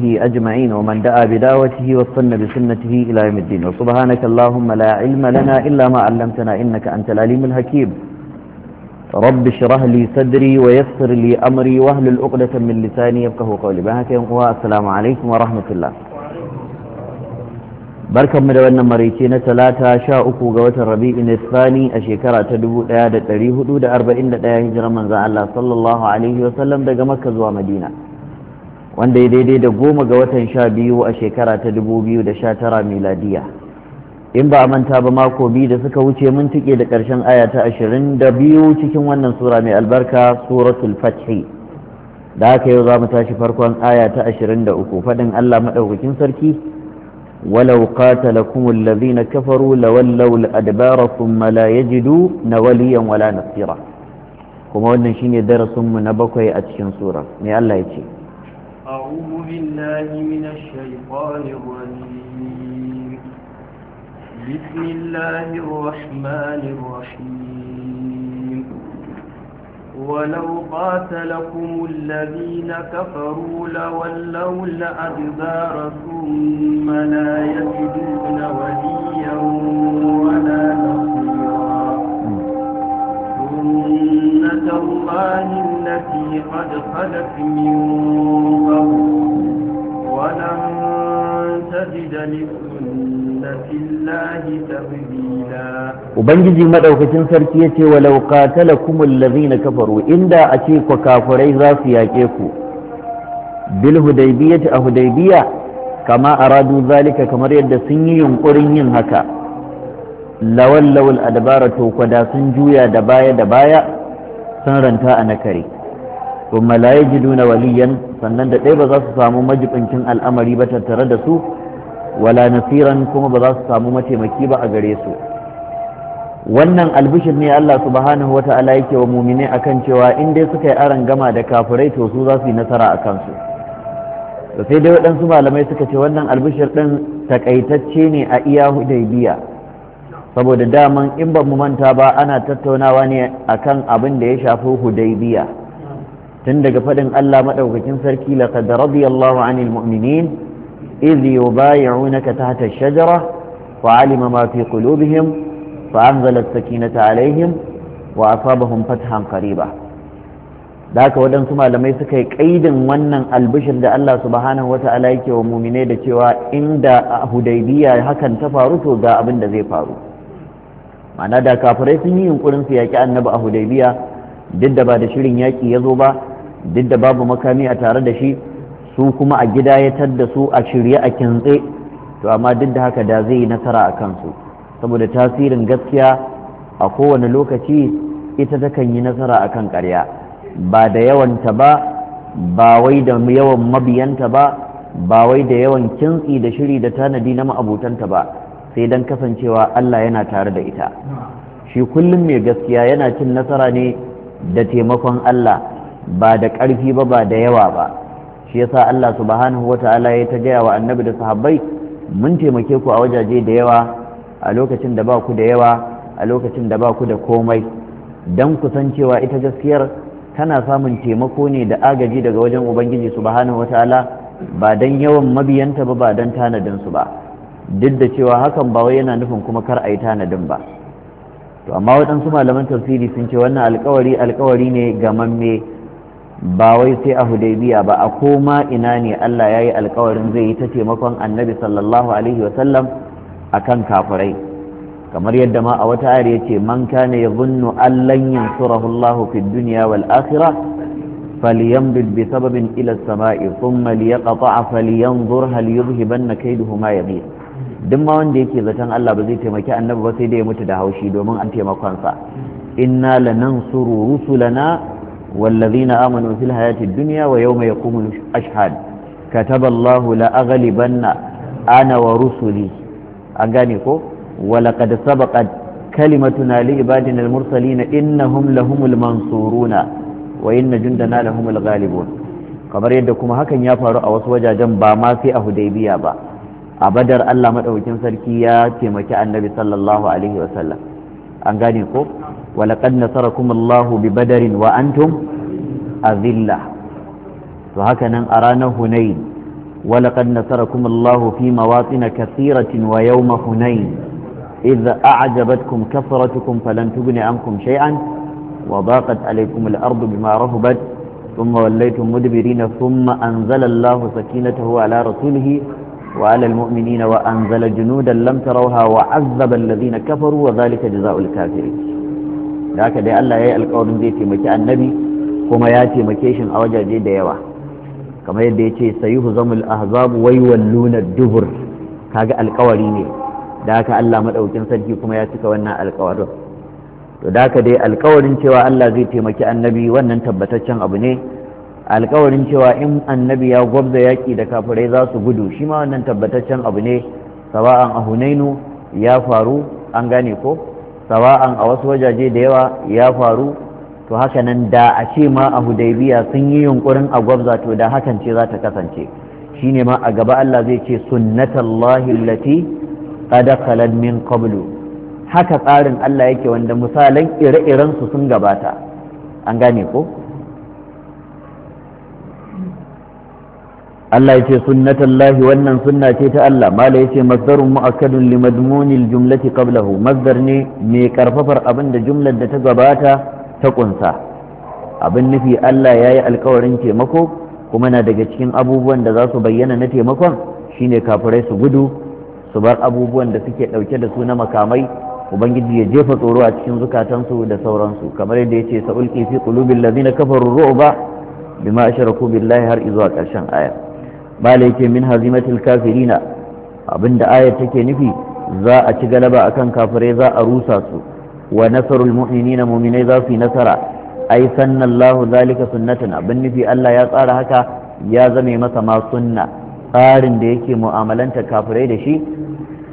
به أجمعين ومن دعا بدعوته وصن بسنته إلى يوم الدين وسبحانك اللهم لا علم لنا إلا ما علمتنا إنك أنت العليم الحكيم رب اشرح لي صدري ويسر لي أمري وأهل العقدة من لساني يفقه قولي بهك ينقوى السلام عليكم ورحمة الله barkan mu da wannan maraice na talata sha uku ga watan rabi'in tsani a shekara ta dubu ɗaya da ɗari hudu da arba'in da ɗaya hijirar manzan Allah sallallahu alaihi wasallam daga makka zuwa madina wanda ya daidai da goma ga watan sha biyu a shekara ta dubu biyu da sha tara miladiya in ba a manta ba mako biyu da suka wuce mun tike da ƙarshen aya ta ashirin da biyu cikin wannan sura mai albarka suratul fathi da haka yau za mu tashi farkon aya ta ashirin da uku faɗin allah maɗaukakin sarki ولو قاتلكم الذين كفروا لولوا الأدبار ثم لا يجدوا نوليا ولا نصيرا كما قلنا شيني درس من بقي أتشن سورة ما الله يجي أعوذ بالله من الشيطان الرجيم بسم الله الرحمن الرحيم ولو قاتلكم الذين كفروا لولوا الأدبار ثم لا يجدون وليا ولا نصيرا سنة الله التي قد خلت من قبل ولن تجد لسنة الله تبديلا وبنجي مدوكتين سركية ولو قاتلكم الذين كفروا إن دا أتيك وكافري راسي أتيكو بالهديبية أهديبية كما أرادوا ذلك كما يد سنين ينقرين هكا lawallawul adabara to kwada sun juya da baya da baya sun ranta a nakare kuma la duna waliyan sannan da ɗaya ba za su samu majibincin al'amari ba tattare da su wala nasiran kuma ba za su samu mataimaki ba a gare su wannan albishir ne Allah subhanahu wata'ala yake wa mumine akan cewa in dai suka yi aron gama da kafirai to su za su yi nasara a kansu sai dai waɗansu malamai suka ce wannan albishir ɗin takaitacce ne a iya hudaybiya saboda daman in ba mu manta ba ana tattaunawa ne akan abin da ya shafi hudaibiya. tun daga faɗin Allah madaukakin sarki laqad radiyallahu anil mu'minin idh yubay'unaka tahta ash-shajara fa 'alima ma fi qulubihim fa anzala as-sakinata 'alayhim wa asabahum fathan qariba da haka waɗansu malamai suka yi ƙaidin wannan albishin da Allah subhanahu wa ta'ala yake wa mumine da cewa inda hudaybiya hakan ta faru to ga abin da zai faru ma'ana da kafirai sun yi yunkurin su yaƙi annabi a hudaybiya duk da ba da shirin yaƙi ya zo ba duk da babu makami a tare da shi su kuma a gida ya tadda su a shirye a kintse to amma duk da haka da zai yi nasara a kansu saboda tasirin gaskiya a kowane lokaci ita takan yi nasara a kan ƙarya ba da yawanta ba ba wai da yawan mabiyanta ba ba wai da yawan kintsi da shiri da tanadi na ma'abutanta ba sai don kasancewa Allah yana tare da ita shi kullum mai gaskiya yana cin nasara ne da taimakon Allah ba da ƙarfi ba ba da yawa ba shi yasa Allah subhanahu wata'ala ya ta gaya wa annabi da sahabbai mun taimake ku a wajaje da yawa a lokacin da ba ku da yawa a lokacin da ba ku da komai don ku cewa ita gaskiyar tana samun taimako ne da agaji daga wajen ubangiji subhanahu wata'ala ba don yawan mabiyanta ba ba don su ba duk da cewa hakan ba wai yana nufin kuma kar a yi tanadin ba to amma waɗansu malaman tafsiri sun ce wannan alkawari alkawari ne gamamme ba wai sai a hudaybiya ba a koma ina ne Allah ya yi alkawarin zai yi ta taimakon annabi sallallahu alaihi wasallam a kan kafirai kamar yadda ma a wata ariya ce man kana ya zunnu allan yansurahu Allah fi duniya wal akhirah falyamdud bi sababin ila as-sama'i thumma liyaqta'a falyanzur hal yuzhibanna kayduhu ma yaghir duk ma wanda yake zaton Allah ba zai taimaki annabi ba sai da ya mutu da haushi domin an sa inna lanansuru rusulana wallazina amanu fil hayati dunya wa yawma yaqumu ashhad kataba Allahu la aghlibanna ana wa rusuli an gane ko wa laqad sabaqat kalimatuna li ibadina al mursalin innahum lahumul mansuruna wa inna jundana lahumul ghalibun kamar yadda kuma hakan ya faru a wasu wajajen ba ma sai a hudaybiya ba a badar Allah maɗaukin sarki ya taimaki annabi sallallahu alaihi wasallam an gane ko nasarakum Allahu bi badarin wa antum azilla to haka nan a ranar hunain walaqad nasarakum Allahu fi mawatin kathiratin wa yawma hunain إذ أعجبتكم كثرتكم فلن تغن عنكم شيئا وضاقت عليكم الأرض بما رهبت ثم وليتم مدبرين ثم أنزل الله سكينته على رسوله وعلى المؤمنين وأنزل جنودا لم تروها وعذب الذين كفروا وذلك جزاء الكافرين ذاك دي الله يا القول زي تيمكي النبي كما يا تيمكيشن أو جاجي ديوا كما يدي يتي سيهزم الأحزاب ويولون الدبر كاجا القولي ني ذاك الله مدaukin sarki kuma ya cika wannan alƙawarin to ذاك dai alƙawarin cewa Allah zai taimaki annabi wannan tabbataccen abu ne alkawarin cewa in annabi ya gwabza yaƙi da kafirai za su gudu shi ma wannan tabbataccen abu ne sawa'an a hunainu ya faru an gane ko sawa'an a wasu wajaje da yawa ya faru to haka nan da a ce ma a hudaibiya sun yi yunkurin a gwabza to da hakan ce za ta kasance shi ne ma a gaba Allah zai ce sunnatallahi lati qad min qablu haka tsarin Allah yake wanda misalan ire irensu sun gabata an gane ko Allah ya ce lahi, wannan sunna ce ta Allah mala ya ce masdarun mu'akkadun li madmunil jumlati qablahu masdar ne mai karfafar abin da jumlar da ta gabata ta kunsa abin nufi Allah ya yi alkawarin taimako kuma na daga cikin abubuwan da za su bayyana na taimakon shine kafirai su gudu su bar abubuwan da suke ɗauke da su na makamai ubangiji ya jefa tsoro a cikin zukatansu da sauransu kamar yadda ya ce sa'ulki fi qulubil ladina kafaru ru'ba bima ashraku billahi har izuwa ƙarshen aya bala yake min hazimatil kafirina abinda ayar take nufi za a ci galaba akan kafirai za a rusa su wa nasarul mu'minina mu'minai za su yi nasara ai sannallahu zalika sunnatan abin nufi Allah ya tsara haka ya zame masa ma sunna tsarin da yake mu'amalanta kafirai da shi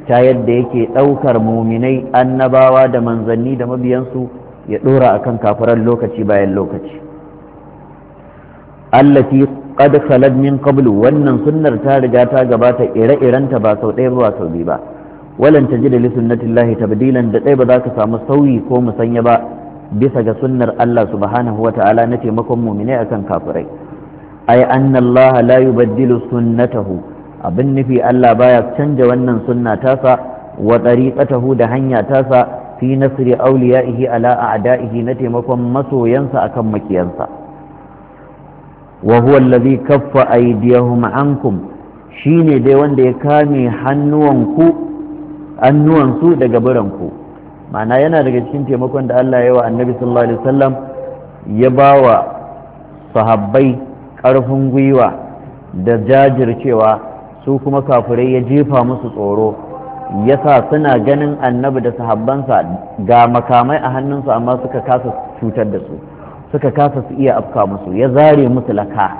ta yadda yake ɗaukar muminai annabawa da manzanni da mabiyansu ya ɗora akan kafiran lokaci bayan lokaci allati qad khalad min qablu wannan sunnar ta riga ta gabata ire-irenta ba sau ɗaya ba sau biyu ba walan tajida li sunnatillahi tabdilan da ɗaya ba za ka samu sauyi ko musanya ba bisa ga sunnar Allah subhanahu wa ta'ala na taimakon muminai akan kafirai ai anna Allah la yubaddilu sunnatahu abin nufi Allah baya canja wannan sunna tasa wa tariqatahu da hanya tasa fi nasri awliyaihi ala a'daihi na taimakon masoyansa akan makiyansa wa huwa allazi kaffa aydiyahum ankum shine dai wanda ya kame hannuwanku su daga biranku ma'ana yana daga cikin taimakon da Allah ya wa annabi sallallahu alaihi wasallam ya bawa sahabbai ƙarfin gwiwa da jajircewa su kuma kafirai ya jefa musu tsoro ya sa suna ganin annabi da sahabbansa ga makamai a hannunsu amma suka kasa cutar da su suka kasa su iya afka musu ya zare musu laka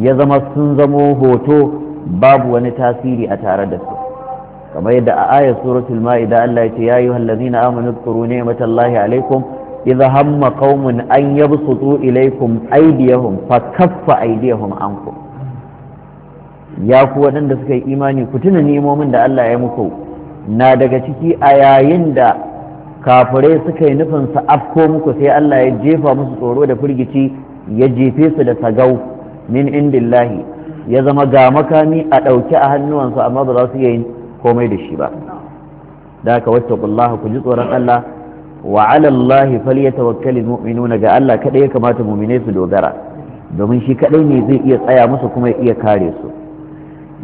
ya zama sun zamo hoto babu wani tasiri a tare da su kamar yadda a ayar suratul ma'ida Allah ya ce ya yi hallazina amanu kuru ne matallahi alaikum idza hamma qaumun an yabsutu ilaikum aydiyahum fa kaffa aydiyahum ankum ya ku waɗanda suka yi imani ku tuna nemomin da Allah ya muku na daga ciki a yayin da kafirai suka yi nufin su afko muku sai Allah ya jefa musu tsoro da firgici ya jefe su da tagau. min indillahi ya zama ga makami a ɗauke a hannuwansu amma ba za su yi komai da shi ba da haka wata kullaha ku ji tsoron Allah wa alallahi falyatawakkalul mu'minuna ga Allah kadai ya kamata mu'mine su dogara domin shi kadai ne zai iya tsaya musu kuma ya iya kare su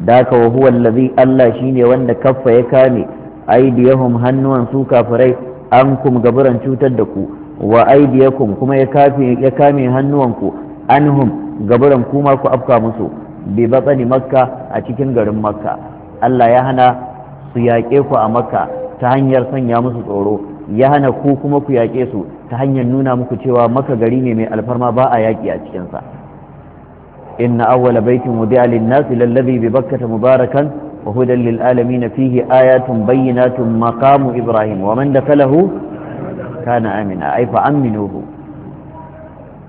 da haka wa huwa allazi Allah shine wanda kaffa ya kame aidiyahum hannuwan su kafirai An kum gaburan cutar da ku wa aidiyakum kuma ya ya kame hannuwanku anhum gaburan kuma ku afka musu bi batsani makka a cikin garin makka Allah ya hana su yaƙe ku a makka ta hanyar sanya musu tsoro ya hana ku kuma ku yaƙe su ta hanyar nuna muku cewa makka gari ne mai alfarma ba a yaƙi a cikinsa inna awwala baitin wudi'a lin-nasi lallabi bi bakkata mubarakan وهدى للآلمين فيه آيات بينات مقام إبراهيم ومن دخله كان آمنا أي فأمنوه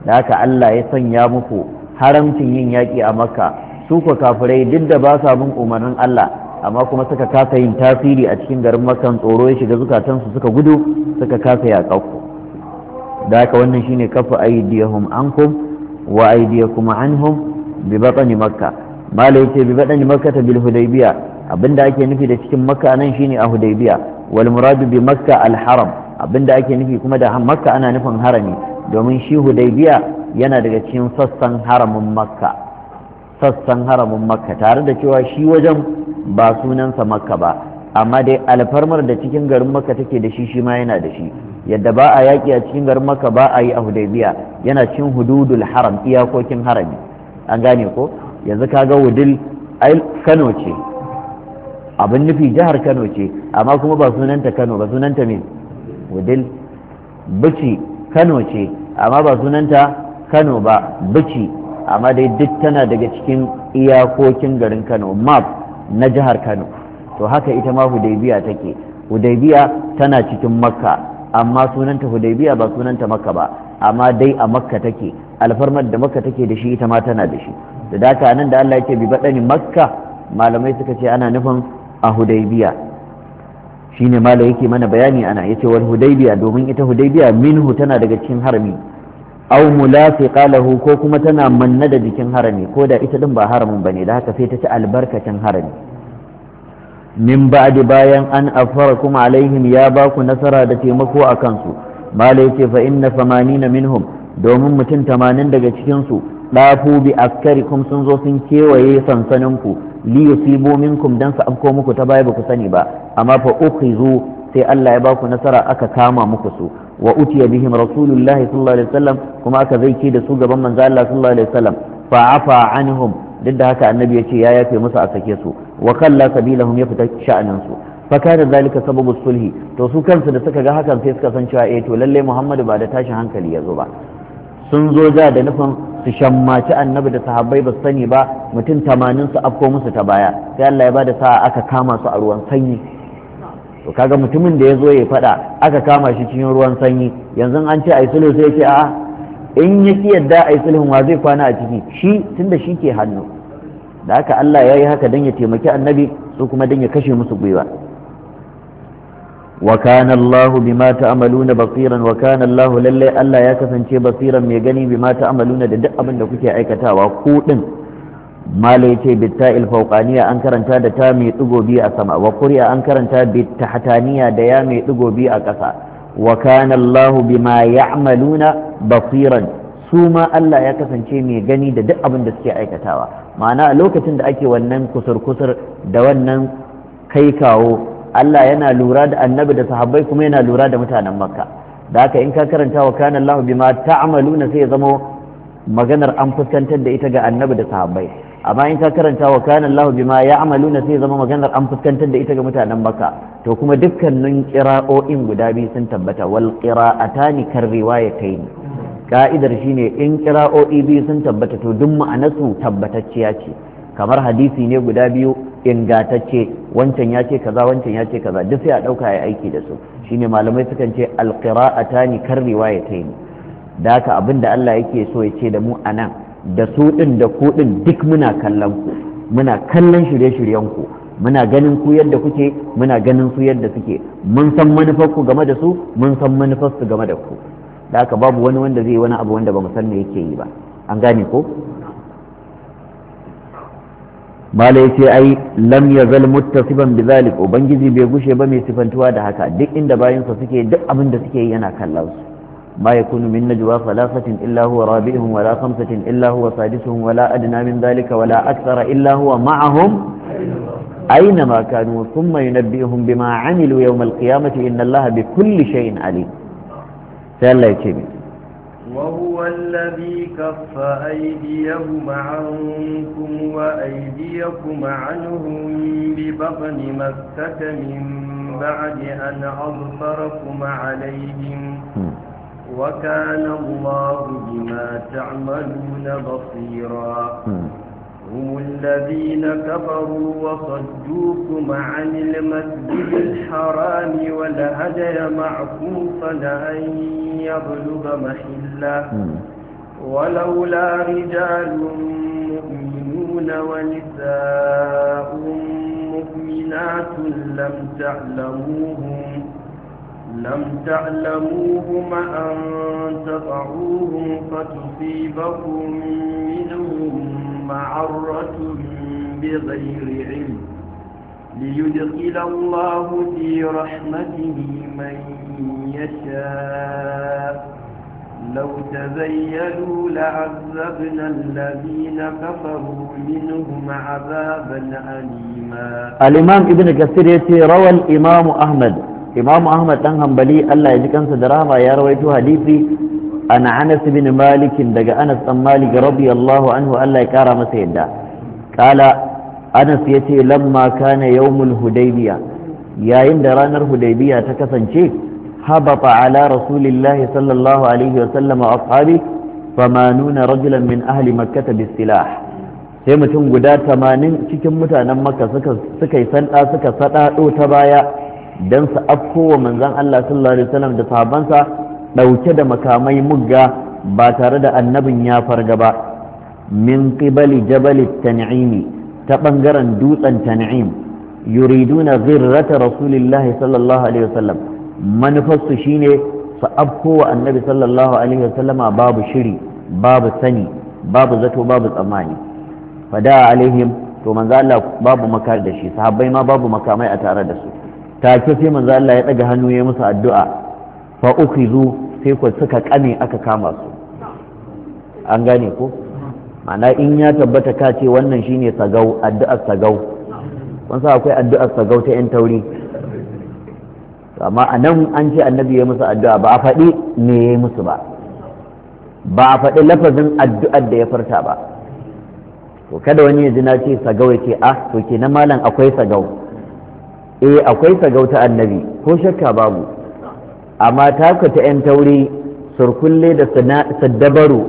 لك ألا يسن يا a حرم تنين ياكي أمكا سوف كافري ضد باسا من أمرن الله amma kuma suka kasa yin tasiri a cikin garin Makkan tsoro ya shiga zukatansu suka gudu suka kasa ya kauku da haka wannan shine kafa aydiyahum ankum wa anhum bi batni mala yace bi badani makkata bil hudaybiya abinda ake nufi da cikin makka nan shine a hudaybiya wal muradu bi makka al haram abinda ake nufi kuma da makka ana nufin harami domin shi hudaybiya yana daga cikin sassan haramin makka sassan haramin makka tare da cewa shi wajen ba sunansa makka ba amma dai alfarmar da cikin garin makka take da shi shi ma yana da shi yadda ba a yaƙi a cikin garin makka ba a yi a hudaybiya yana cikin hududul haram iyakokin harami an gane ko yanzu kaga wudil ai kano ce abin nufi jihar kano ce amma kuma ba sunanta kano ba sunanta min wudil bici kano ce amma ba sunanta kano ba bici amma dai duk tana daga cikin iyakokin garin kano map na jihar kano to haka ita ma hudaybiya take hudaybiya tana cikin makka amma sunanta hudaybiya ba sunanta makka ba amma dai a makka take alfarmar da makka take da shi ita ma tana da shi da daka nan da Allah yake bi badani makka malamai suka ce ana nufin a hudaybiya shine mala yake mana bayani ana yace wal hudaybiya domin ita hudaybiya minhu tana daga cikin harami aw mulafi qalahu ko kuma tana manna da jikin harami ko da ita din ba haramin bane da haka sai ta ci albarkacin harami min ba'di bayan an kuma alaihim ya ba ku nasara da taimako a kansu mala yace fa inna 80 minhum domin mutum 80 daga cikin su dafu bi kuma sun zo sun kewaye sansanin ku li yusibu minkum dan su afko muku ta baya ku sani ba amma fa ukhizu sai Allah ya baku nasara aka kama muku su wa utiya bihim rasulullahi sallallahu alaihi wasallam kuma aka zaike da su gaban manzo Allah sallallahu alaihi wasallam fa afa anhum duk da haka annabi ya ce ya yafe musu a sake su wa kalla sabilahum ya fita sha'anin su fa kana zalika sababu sulhi to su kansu da suka ga hakan sai suka san cewa eh to lalle Muhammadu ba da tashin hankali ya zo ba sun zo ja da nufin su shammaci annabi da sahabbai ba su sani ba mutum tamanin su afko musu ta baya sai Allah ya bada sa'a aka kama su a ruwan sanyi to kaga mutumin da ya zo ya faɗa aka kama shi cikin ruwan sanyi yanzu an ce ai sulhu sai ce a in ya ki yadda ai sulhu wa zai kwana a ciki shi tunda shi ke hannu da haka Allah ya yi haka dan ya taimaki annabi su kuma dan ya kashe musu gwiwa وكان الله بما تعملون بصيرا وكان الله لله الا يا كسانشي بصيرا مي غني بما تعملون ده duk abin kuke aikatawa kuɗin din mala yace an karanta da ta mai dugo bi a sama wa kurya an karanta bitta da ya mai dugo bi a kasa wa kana Allah bima ya'maluna basiran su ma Allah ya kasance mai gani da duk abin da suke aikatawa ma'ana lokacin da ake wannan kusurkusur da wannan kai kawo Allah yana lura da annabi da sahabbai kuma yana lura da mutanen makka da haka in ka karanta wa kana Allah bima na sai ya zama maganar an fuskantar da ita ga annabi da sahabbai amma in ka karanta wa kana Allah bima na sai ya zama maganar an fuskantar da ita ga mutanen makka to kuma dukkanin qira'o'in guda biyu sun tabbata wal qira'atani kar riwayatayn ka'idar shine in qira'o'i biyu sun tabbata to duk ma'anarsu tabbatacciya ce kamar hadisi ne guda biyu ingatacce wancan ya ce kaza wancan ya ce kaza duk sai a ɗauka ya aiki da su shine malamai sukan ce alqira'atani kar riwayatayn da haka abin da Allah yake so ya ce da mu anan da su din da ku din duk muna kallon ku muna kallon shirye-shiryen ku muna ganin ku yadda kuke muna ganin su yadda suke mun san manufar ku game da su mun san manufar su game da ku da haka babu wani wanda zai wani abu wanda ba mu san me yake yi ba an gane ko mala ya ce ai lam ya zal muttasiban bi ubangiji bai gushe ba mai sifantuwa da haka duk inda bayansa suke duk abin da suke yana kallon su ma yakunu min najwa salasatin illa huwa rabihum wala khamsatin illa huwa sadisuhum wala adna min zalika wala akthara illa huwa ma'ahum aina ma kanu thumma yunabbihum bima amilu yawm al-qiyamati inna allaha bi kulli shay'in ali sai Allah وهو الذي كف أيديهم عنكم وأيديكم عنهم ببطن مكة من بعد أن أظفركم عليهم وكان الله بما تعملون بصيرا هم الذين كفروا وصدوكم عن المسجد الحرام والهدي معكوفا أن يبلغ محله ولولا رجال مؤمنون ونساء مؤمنات لم تعلموهم لم تعلموهم أن تطعوهم فتصيبكم منهم معرة بغير علم ليدخل الله في رحمته من يشاء لو تزينوا لعذبنا الذين كفروا منهم عذابا أليما الإمام ابن كثير يتي روى الإمام أحمد إمام أحمد تنهم بلي الله يجي كان سدراما يا رويتو حديثي an anas bin malikin daga anas dan malik radiyallahu anhu Allah ya kara masa yadda kala anas yace lamma kana yaumul hudaybiya yayin da ranar hudaybiya ta kasance habata ala rasulillahi sallallahu alaihi wa sallam wa ashabi famanuna rajulan min ahli makkah bisila sai mutum guda tamanin cikin mutanen maka suka yi sanda suka saɗaɗo ta baya dan su afko wa manzan Allah sallallahu alaihi wasallam da sahabansa ɗauke da makamai mugga ba tare da annabin ya farga ba min qibali jabali tan'imi ta ɓangaren dutsen tan'im yuriduna zirrata rasulillahi sallallahu alaihi wasallam manufarsu shine su afko wa annabi sallallahu alaihi wasallama babu shiri babu sani babu zato babu tsammani fada alaihim to manzo Allah babu makar da shi sahabbai ma babu makamai a tare da su take sai manzo Allah ya daga hannu ya musu addu'a fa ukhizu sai ku suka kame aka kama su an gane ko ma'ana in ya tabbata ka ce wannan shine sagau addu'ar sagau kun sa akwai addu'ar sagau ta yan tauri amma a nan an ce annabi ya musu addu'a ba a faɗi me ya yi musu ba ba a faɗi lafazin addu'ar da ya farta ba to kada wani ya ji na ce sagau ya ce a ah, to na malam akwai sagau eh akwai sagau ta annabi ko shakka babu amma takata ta 'yan tauri surkulle da saddabaru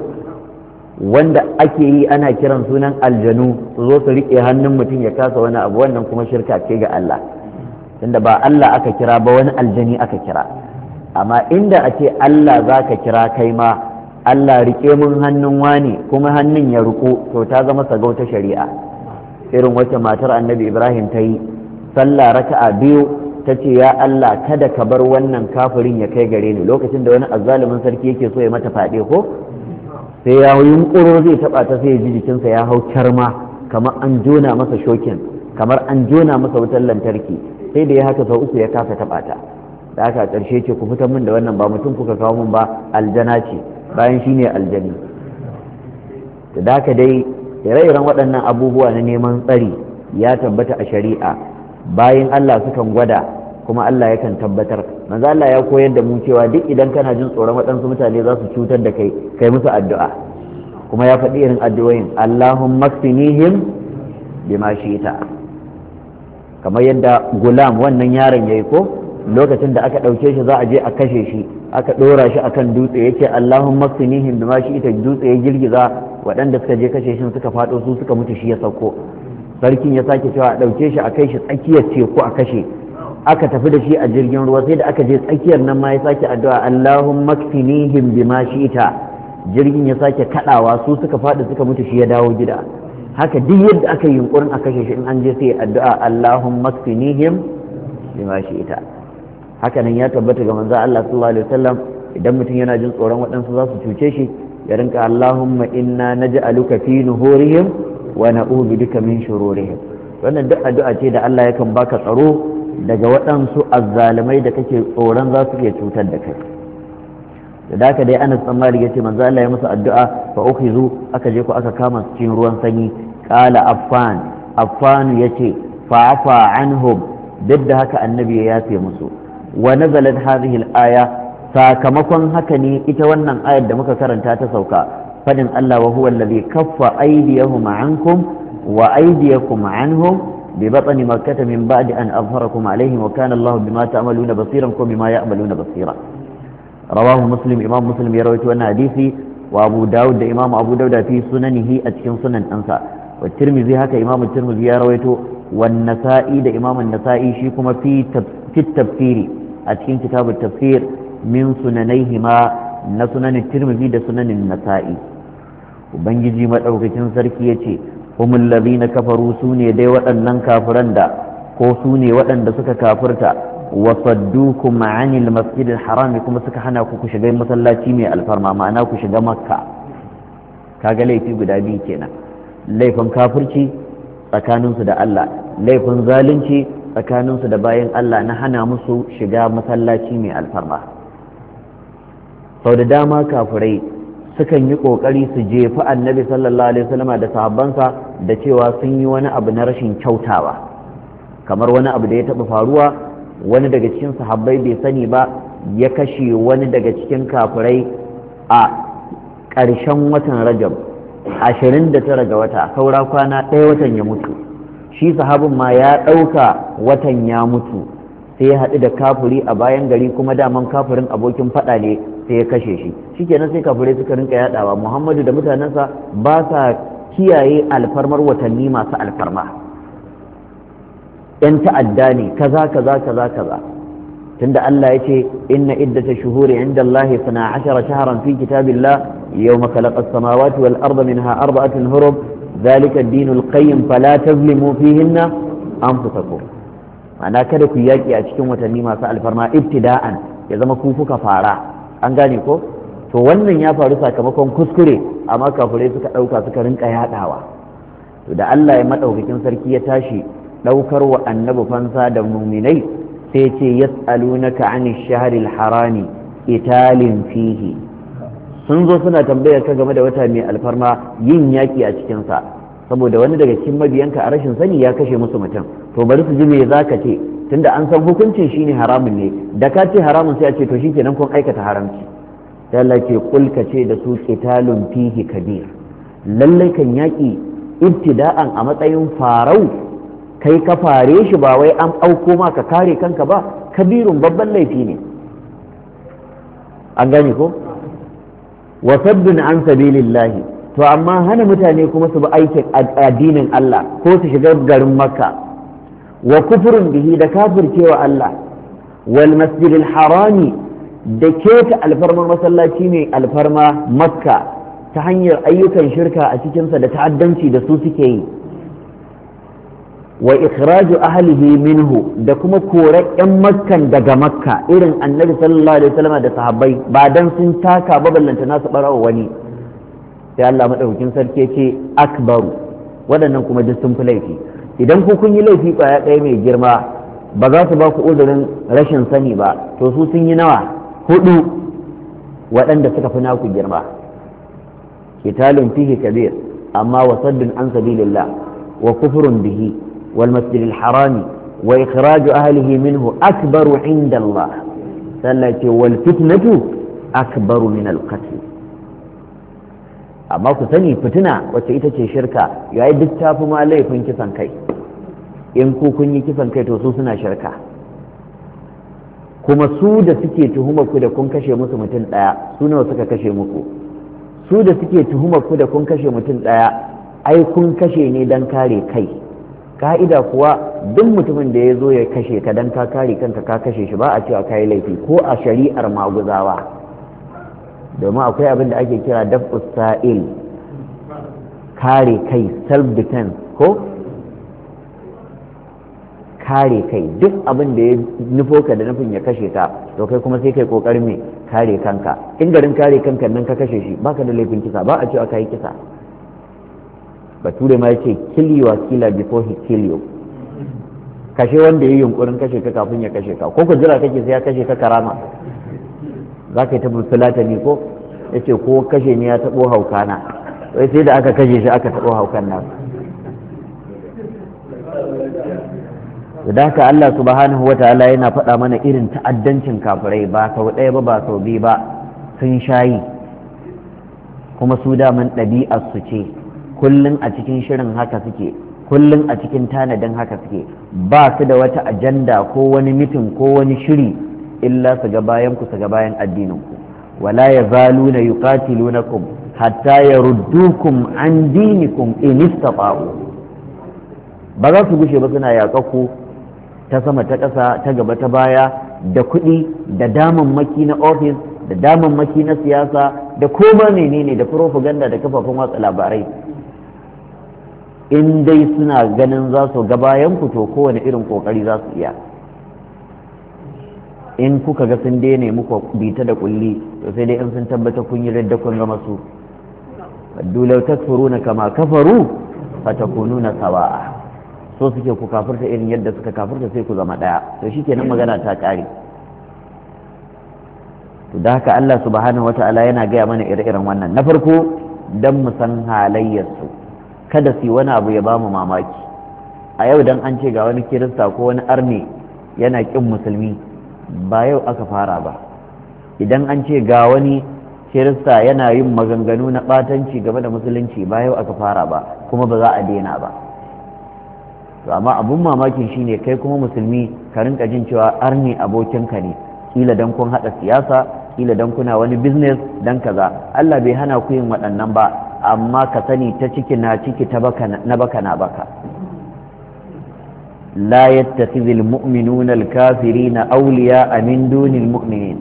wanda ake yi ana kiran sunan aljanu su zo su riƙe hannun mutum ya kasa wani abu wannan kuma shirka ce ga Allah tunda ba Allah aka kira ba wani aljani aka kira amma inda a ce Allah za ka kira kai ma Allah riƙe mun hannun wani kuma hannun ya ruku to ta zama sagauta shari'a irin wacce matar annabi ibrahim ta yi sallah raka'a biyu ta ce ya Allah kada ka bar wannan kafirin ya kai gare ni lokacin da wani azzalumin sarki yake so ya mata faɗe ko sai ya yunƙuro zai taɓa ta sai ya ji jikinsa ya hau carma kamar an jona masa shokin kamar an jona masa wutar lantarki sai da ya haka sau uku ya kasa taɓa ta da haka ƙarshe ce ku fitar min da wannan ba mutum kuka kawo min ba aljana ce bayan shine aljani da haka dai ire-iren waɗannan abubuwa na neman tsari ya tabbata a shari'a bayan Allah sukan gwada kuma Allah yakan tabbatar manzo Allah ya koyar da mu cewa duk idan kana jin tsoron waɗansu mutane za su cutar da kai kai musu addu'a kuma ya faɗi irin addu'o'in Allahumma kfinihim bima shi'ta kamar yadda gulam wannan yaron yayi ko lokacin da aka ɗauke shi za a je a kashe shi aka ɗora shi akan dutse yake Allahumma kfinihim bima shi'ta dutse ya girgiza waɗanda suka je kashe shi suka faɗo su suka mutu shi ya sauko sarkin ya sake cewa a ɗauke shi a kai shi tsakiyar teku a kashe aka tafi da shi a jirgin ruwa sai da aka je tsakiyar nan ma ya sake addu'a Allahun makfinihim bima shi'ita jirgin ya sake kadawa su suka faɗi suka mutu shi ya dawo gida haka duk yadda aka yi yunkurin a kashe shi in an je sai addu'a Allahun makfinihim bima shi'ita haka nan ya tabbata ga manzo Allah sallallahu alaihi wasallam idan mutum yana jin tsoron waɗansu za su cuce shi ya rinka Allahumma inna naj'aluka fi nuhurihim wa na'udhu bika min shururihim wannan duk addu'a ce da Allah yakan baka tsaro daga waɗansu azzalumai da kake tsoron za su iya cutar da kai da haka dai Anas dan Malik yace manzo Allah ya musu addu'a fa ukhizu aka je ku aka kama cikin ruwan sanyi qala affan affan yace fa afa anhum duk da haka annabi ya yafe musu wa nazalat hadhihi al-aya sakamakon haka ne ita wannan ayar da muka karanta ta sauka fadin Allah wa huwa alladhi kaffa aydiyahum ankum wa aydiyakum anhum bi batni makkah min ba'di an azharakum alaihim wa kana Allah bima ta'maluna basiran ko bima ya'maluna basira rawahu muslim imam muslim ya rawaito wannan hadisi wa abu daud da imam abu daud fi sunanihi a cikin sunan ansa wa tirmidhi haka imam tirmidhi ya rawaito wan nasa'i da imam an-nasa'i shi kuma a cikin tafsir min na sunanin da sunanin nasa'i ubangiji maɗaukakin sarki ya yace humul na kafaru su ne dai waɗannan kafiran da ko su ne waɗanda suka kafurta wa ku anil masjidin haram kuma suka hana ku ku shiga masallaci mai alfarma ma'ana ku shiga makka kaga laifi guda biyu kenan laifin kafirci tsakaninsu da Allah laifin zalunci tsakaninsu da bayan Allah na hana musu shiga masallaci mai alfarma sau da dama kafirai sukan yi ƙoƙari su jefi annabi sallallahu alaihi wasallama da sahabbansa da cewa sun yi wani abu na rashin kyautawa kamar wani abu da ya taɓa faruwa wani daga cikin sahabbai bai sani ba ya kashe wani daga cikin kafirai a ƙarshen watan rajab ashirin da tara ga wata saura kwana ɗaya watan ya mutu shi sahabin ma ya ɗauka watan ya mutu sai ya haɗu da kafiri a bayan gari kuma daman kafirin abokin faɗa ne sai ya kashe shi shikenan sai kafirai suka rinka yadawa muhammadu da mutanensa ba sa kiyaye alfarmar watanni masu alfarma yan ta'adda ne kaza kaza kaza kaza tunda Allah ya ce inna iddata shuhuri inda Allah sana ashara shaharan fi kitabillah yawma khalaqa as-samawati wal arda minha arba'atun hurum dhalika ad-dinul qayyim fala tazlimu fihinna anfusakum ana kada ku yaki a cikin watanni masu alfarma ibtida'an ya zama kuka fara an gane ko to wannan ya faru sakamakon kuskure amma kafirai suka ɗauka suka rinka yaɗawa to da Allah ya maɗaukakin sarki ya tashi ɗaukar wa annabi fansa da muminai sai ce yas'alunaka ani shahril harami italin fihi sun zo suna tambayar ka game da wata mai alfarma yin yaƙi a cikinsa saboda wani daga cikin mabiyanka a rashin sani ya kashe musu mutum to bari su ji me ka ce tunda an san hukuncin shine haramun ne da ka ce haramun sai a ce to shikenan kun aikata haramci Allah ce kulka ce da su kitalun fihi kabir lallai kan yaki ibtida'an a matsayin farau kai ka fare shi ba wai an auko ma ka kare kanka ba kabirun babban laifi ne an gane ko wa an sabilillahi to amma hana mutane kuma su bi aikin addinin Allah ko su shiga garin makka wa kufurin bihi da kafircewa Allah wal masjidil harami da keta alfarmar masallaci ne alfarma makka ta hanyar ayyukan shirka a cikinsa da ta'addanci da su suke yi wa ikhraju ahlihi minhu da kuma kore yan makkan daga makka irin annabi sallallahu alaihi wasallam da sahabbai ba dan sun taka ba ballanta nasu barawa wani sai Allah madaukakin sarki ce akbaru waɗannan kuma duk sun fi laifi idan ku kun yi laifi kwaya ɗaya mai girma ba za su ba ku uzurin rashin sani ba to su sun yi nawa hudu waɗanda suka fi naku girma kitalun fihi kabir amma wa saddun an sabilillah wa kufrun bihi wal masjidil harami wa ikhraju ahlihi minhu akbaru inda Allah sannan ce wal fitnatu akbaru min al qatl amma ku sani fitina wacce ita ce shirka yayi duk tafi ma laifin kisan kai in ku kun yi kisan kai to su suna shirka kuma su da suke tuhumar ku da kun kashe musu mutum ɗaya su nawa suka kashe muku su da suke tuhumar ku da kun kashe mutum ɗaya ai kun kashe ne don kare kai ka'ida kuwa duk mutumin da ya zo ya kashe ka dan ka kare kanka ka kashe shi ba a cewa kayi laifi ko a shari'ar maguzawa domin akwai abin da ake kira daf sa'il kare kai self defense ko kare kai duk abin da ya nufo ka da nufin ya kashe ka to kai kuma sai kai kokarin me kare kanka in garin kare kanka nan ka kashe shi baka da laifin kisa ba a cewa kai kisa bature ma yace kill you killer before he kill you kashe wanda ya yunkurin kashe ka kafin ya kashe ka ko ka jira kake sai ya kashe ka karama za ka yi ta musulata ne ko ce ko kashe ne ya hauka haukana sai da aka kashe shi aka taɓo haukan nan da haka Allah subhanahu wa ta'ala yana faɗa mana irin ta'addancin kafirai ba sau ɗaya ba ba sau biyu ba sun shayi kuma su daman ɗabi'ar su ce kullum a cikin shirin haka suke kullum a cikin tanadin haka suke ba su da wata ajanda ko wani mitin ko wani shiri illa su ga bayan ku su ga bayan addinin ku wala na kum hatta ya yaruddukum an dinikum in istata'u ba za su gushe ba suna yaƙa ku ta sama ta ƙasa ta gaba ta baya da kuɗi da damammaki na ofis da damammaki na siyasa da koma menene da propaganda da kafafen watsa labarai in dai suna ganin za su gabayan ku to kowane irin kokari za su iya in kuka ga sun daina muku bita da kulli to sai dai in sun tabbata kun yi radda kun ga masu faddu law na kama kafaru fatakununa sawa'a so suke ku kafirta irin yadda suka kafirta sai ku zama ɗaya to shi kenan magana ta ƙare to da haka Allah subhanahu ta'ala yana gaya mana ire-iren wannan na farko dan mu san halayyarsu kada su wani abu ya bamu mamaki a yau dan an ce ga wani kirista ko wani arne yana kin musulmi ba yau aka fara ba idan an ce ga wani kirista yana yin maganganu na ɓatanci game da musulunci ba yau aka fara ba kuma ba za a daina ba to amma abun mamakin shine kai kuma musulmi ka rinka jin cewa arni abokinka ne ƙila dan kun hada siyasa ƙila dan kuna wani business dan kaza Allah bai hana ku yin waɗannan ba amma ka sani ta ciki na ciki ta baka na baka na auliya la yattakhidhu almu'minuna alkafirina awliya min dunil mu'minin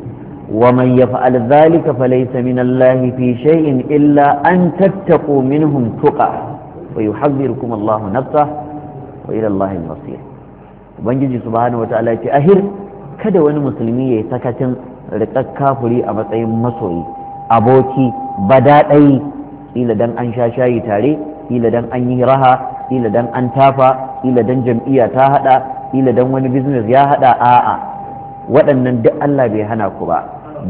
wa man yaf'al dhalika falaysa min Allah fi shay'in illa an tattaqu minhum tuqa wa yuhadhirukum Allah nafsahu wa ila Allah masir ubangiji subhanahu wataala ce ahir kada wani musulmi ya sakacin riƙar kafuri a matsayin masoyi aboki badaɗai kila dan an sha shayi tare kila dan an yi raha ila dan an tafa kila dan jam'iyya ta hada kila dan wani business ya hada a'a waɗannan duk Allah bai hana ku ba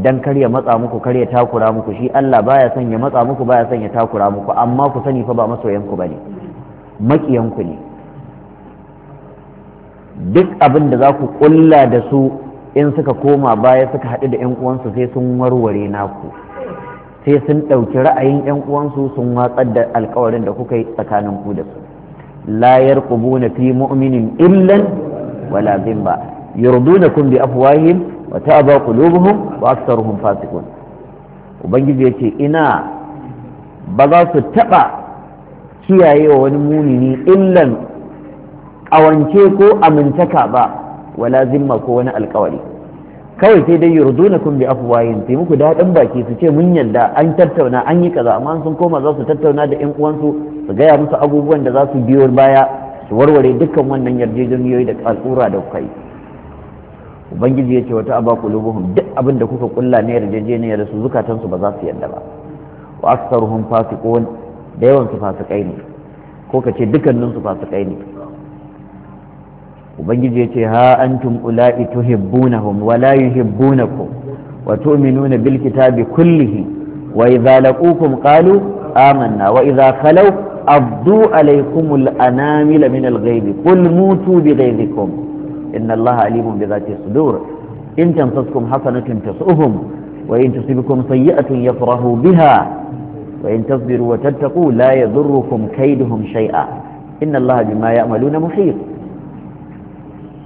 dan karya matsa muku karya takura muku shi Allah baya son ya matsa muku baya son ya takura muku amma ku sani fa ba masoyan ku bane makiyan ku ne duk abin da za ku kulla da su in suka koma baya suka haɗu da 'yan uwansu sai sun warware naku sai sun ɗauki ra'ayin 'yan uwansu sun watsar da alkawarin da kuka yi tsakanin ku da su la yarqubuna fi mu'minin illan wala na yurdunakum bi afwahihim wa ta'aba qulubuhum wa aktsaruhum fasiqun ubangiji yace ina ba za su taɓa kiyaye wa wani munini illan wance ko amintaka ba wala zimma ko wani alkawari kawai sai dai kun bi afwahin sai muku daɗin baki su ce mun yarda an tattauna an yi kaza amma sun koma za su tattauna da ƴan uwansu su gaya musu abubuwan da za su biyo baya su warware dukkan wannan yarjejeniyoyi da al'ura da kuka yi ubangiji ya ce wata aba qulubuhum duk abin da kuka kulla na yarjejeniya da su zukatansu ba za su yarda ba wa aktsaruhum fasiqun da yawan su fasikai ne ko ka ce dukkanin fasikai ne ubangiji ce ha antum ula'i tuhibbunahum wa la yuhibbunakum wa tu'minuna bil kitabi kullihi wa idza laqukum qalu amanna wa idza khalaw abdu alaykum al anamil min al ghayb qul mutu bi ghayzikum inna allaha alimun bi dhati sudur in tansaskum hasanatun tasuhum wa in tusibukum sayyi'atun yafrahu biha وإن تصبروا وتتقوا لا يضركم كيدهم شيئا إن الله بما يعملون محيط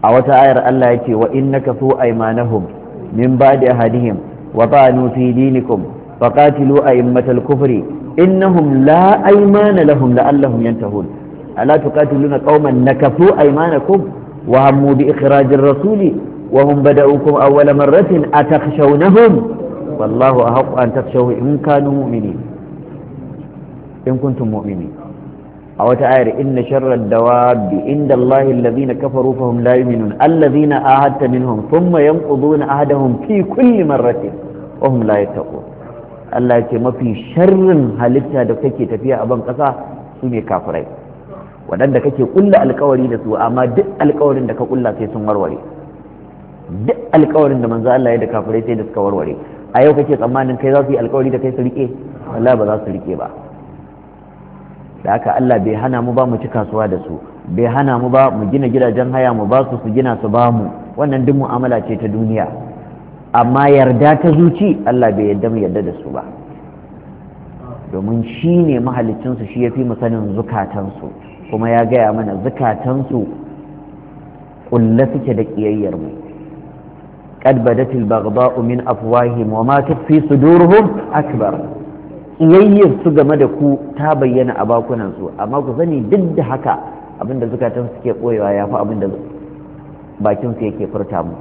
a wata ayar Allah ya ce wa innaka su aimanahum min ba ba'di ahadihim wa ba fi dinikum faqatilu a'immatal kufri innahum la aimana lahum la'allahum yantahun ala tuqatiluna qauman nakafu aymanakum wa hammu bi ikhrajir rasuli wa hum bada'ukum awwala marratin atakhshawnahum wallahu ahqqu an takhshawhu in kanu mu'minin in kuntum mu'minin a wata ayar inna sharrad bi inda Allah allazina kafaru fahum la yu'minun allazina ahadta minhum thumma yanquduna ahadahum fi kulli marratin ohun hum la yattaqun Allah ya ce mafi sharrin halitta da kake tafiya a ban su ne kafirai waɗanda kake kulla alkawari da su amma duk alkawarin da ka kulla sai sun warware duk alkawarin da manzo Allah ya da kafirai sai da suka warware a yau kake tsammanin kai za su yi alkawari da kai su rike wallahi ba za su rike ba da haka Allah bai hana mu ba mu ci kasuwa da su bai hana mu ba mu gina gidajen haya mu ba su su gina su ba mu wannan duk mu'amala ce ta duniya amma yarda ta zuci Allah bai yarda mu yarda da su ba domin shi ne mahalicinsu shi ya fi mu sanin zukatansu kuma ya gaya mana zukatansu ƙulla suke da ƙiyayyar mu qad badatil baghdha'u min afwahihim wa ma tukfi sudurhum akbar ƙiyayyar su game da ku ta bayyana a bakunan su amma ku sani duk da haka abin da zukatan suke ɓoyewa ya fi abin da bakin yake furta mu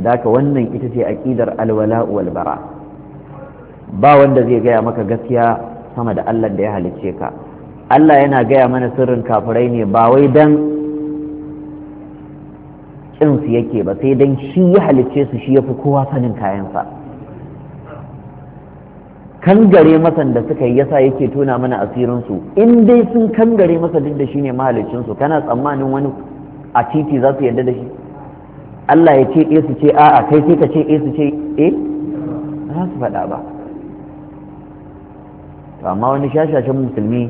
da haka wannan ita ce ƙidar alwala wal ba wanda zai gaya maka gaskiya sama da Allah da ya halicce ka Allah yana gaya mana sirrin kafirai ne ba wai dan ƙinsu yake ba sai dan shi ya halicce su shi ya fi kowa sanin kayansa kangare masan da suka yi yasa yake tona mana asirinsu in dai sun kangare masa duk da shi ne mahalicinsu kana tsammanin wani a titi za su yarda da shi Allah ya ce e su ce a'a kai sai ka ce e su ce eh ba za su faɗa ba to amma wani shashashin musulmi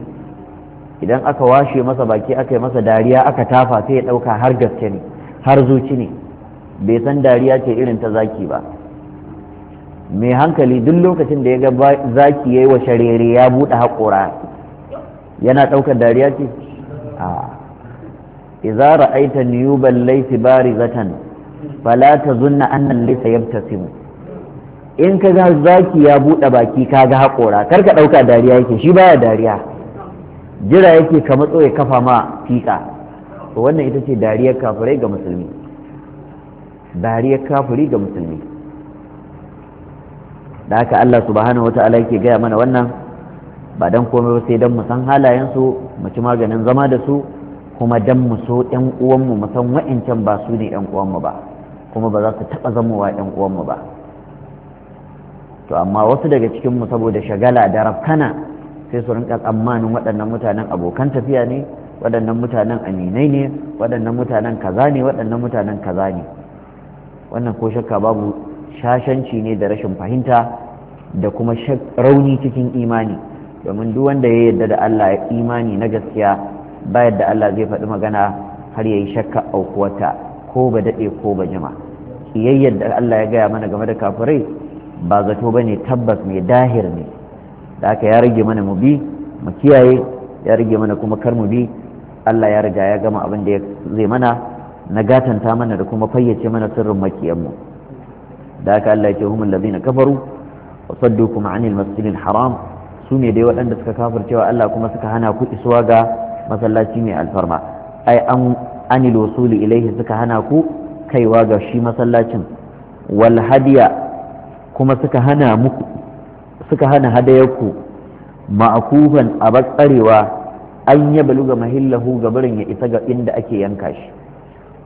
idan aka washe masa baki aka yi masa dariya aka tafa sai ya ɗauka har gaske ne har zuci ne bai san dariya ce irin ta zaki ba mai hankali duk lokacin da ya ga zaki yayi wa sharere ya buɗe haƙora yana ɗaukar dariya ce a idza ra'aita niyuban laysi barizatan fala tazunna anna laysa yabtasimu in ka ga zaki ya buɗe baki ka ga haƙora kar ka ɗauka dariya yake shi baya dariya jira yake ka matso ya kafa ma fiƙa wannan ita ce dariyar kafirai ga musulmi dariyar kafiri ga musulmi da haka Allah subhanahu wata'ala yake gaya mana wannan ba dan komai sai dan mu san halayen su mu ci maganin zama da su kuma dan mu so ɗan uwanmu mu san wa'incan ba su ne ɗan uwanmu ba kuma ba za su taɓa zamowa ɗan uwanmu ba to amma wasu daga cikin mu saboda shagala da rafkana sai su rinka tsammanin waɗannan mutanen abokan tafiya ne waɗannan mutanen aminai ne waɗannan mutanen kaza ne waɗannan mutanen kaza ne wannan ko shakka babu shashanci ne da rashin fahimta da kuma rauni cikin imani domin duk wanda ya yarda da Allah imani na gaskiya ba yadda Allah zai faɗi magana har ya yi shakka aukuwata ko ba daɗe ko ba jima kiyayyar da Allah ya gaya mana game da kafirai ba zato ba ne tabbas mai dahir ne da aka ya rage mana mu bi mu kiyaye ya rage mana kuma kar mu bi Allah ya riga ya gama abin da zai mana na gatanta mana da kuma fayyace mana sirrin makiyanmu da aka Allah ya ce humul ladina kafaru saddukum anil masjidil haram su ne dai waɗanda suka kafir cewa Allah kuma suka hana ku isuwa ga masallaci mai alfarma ai an wasuli ilaihi suka hana ku kaiwa ga shi masallacin wal hadiya kuma suka hana muku suka hana hadayarku ma'akufan a bakarewa an ya balu ga mahillahu ga birin ya isa ga inda ake yanka shi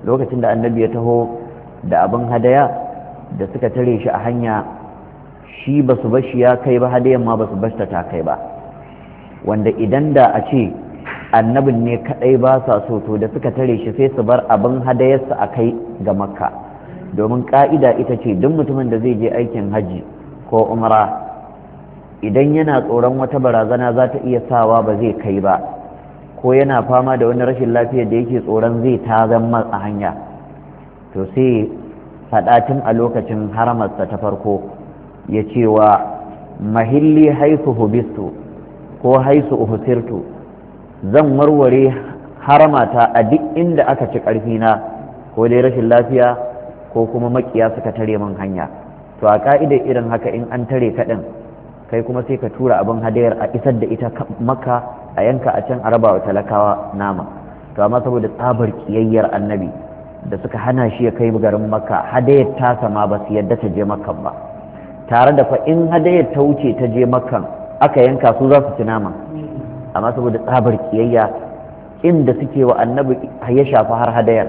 lokacin da annabi ya taho da abin hadaya da suka tare shi a hanya shi ba su bashi ya kai ba hada ma ba su bashta ta kai ba wanda idan da a ce annabin ne kadai ba sa so to da suka tare shi sai su bar abin hadayarsa a kai ga makka domin ka'ida ita ce duk mutumin da zai je aikin hajji ko umra idan yana tsoron wata barazana za ta iya sawa ba zai kai ba ko yana fama da wani rashin lafiyar da yake tsoron zai ta zama a hanya to sai faɗatin a lokacin haramarsa ta farko ya cewa mahilli haisu hubistu ko haisu uhusirtu zan warware haramata a duk inda aka ci ƙarfina ko dai rashin lafiya ko kuma makiya suka tare min hanya to a ka'idar irin haka in an tare kaɗan kai kuma sai ka tura abin hadayar a isar da ita maka a yanka a can a rabawa wa talakawa nama to amma saboda tsabar kiyayyar annabi da suka hana shi ya kai garin makka hadayar tasa ma ba su yadda ta je makka ba tare da fa in hadayar ta wuce ta je makan aka yanka su za su ci nama amma saboda tsabar kiyayya inda suke wa annabi ya shafi har hadayar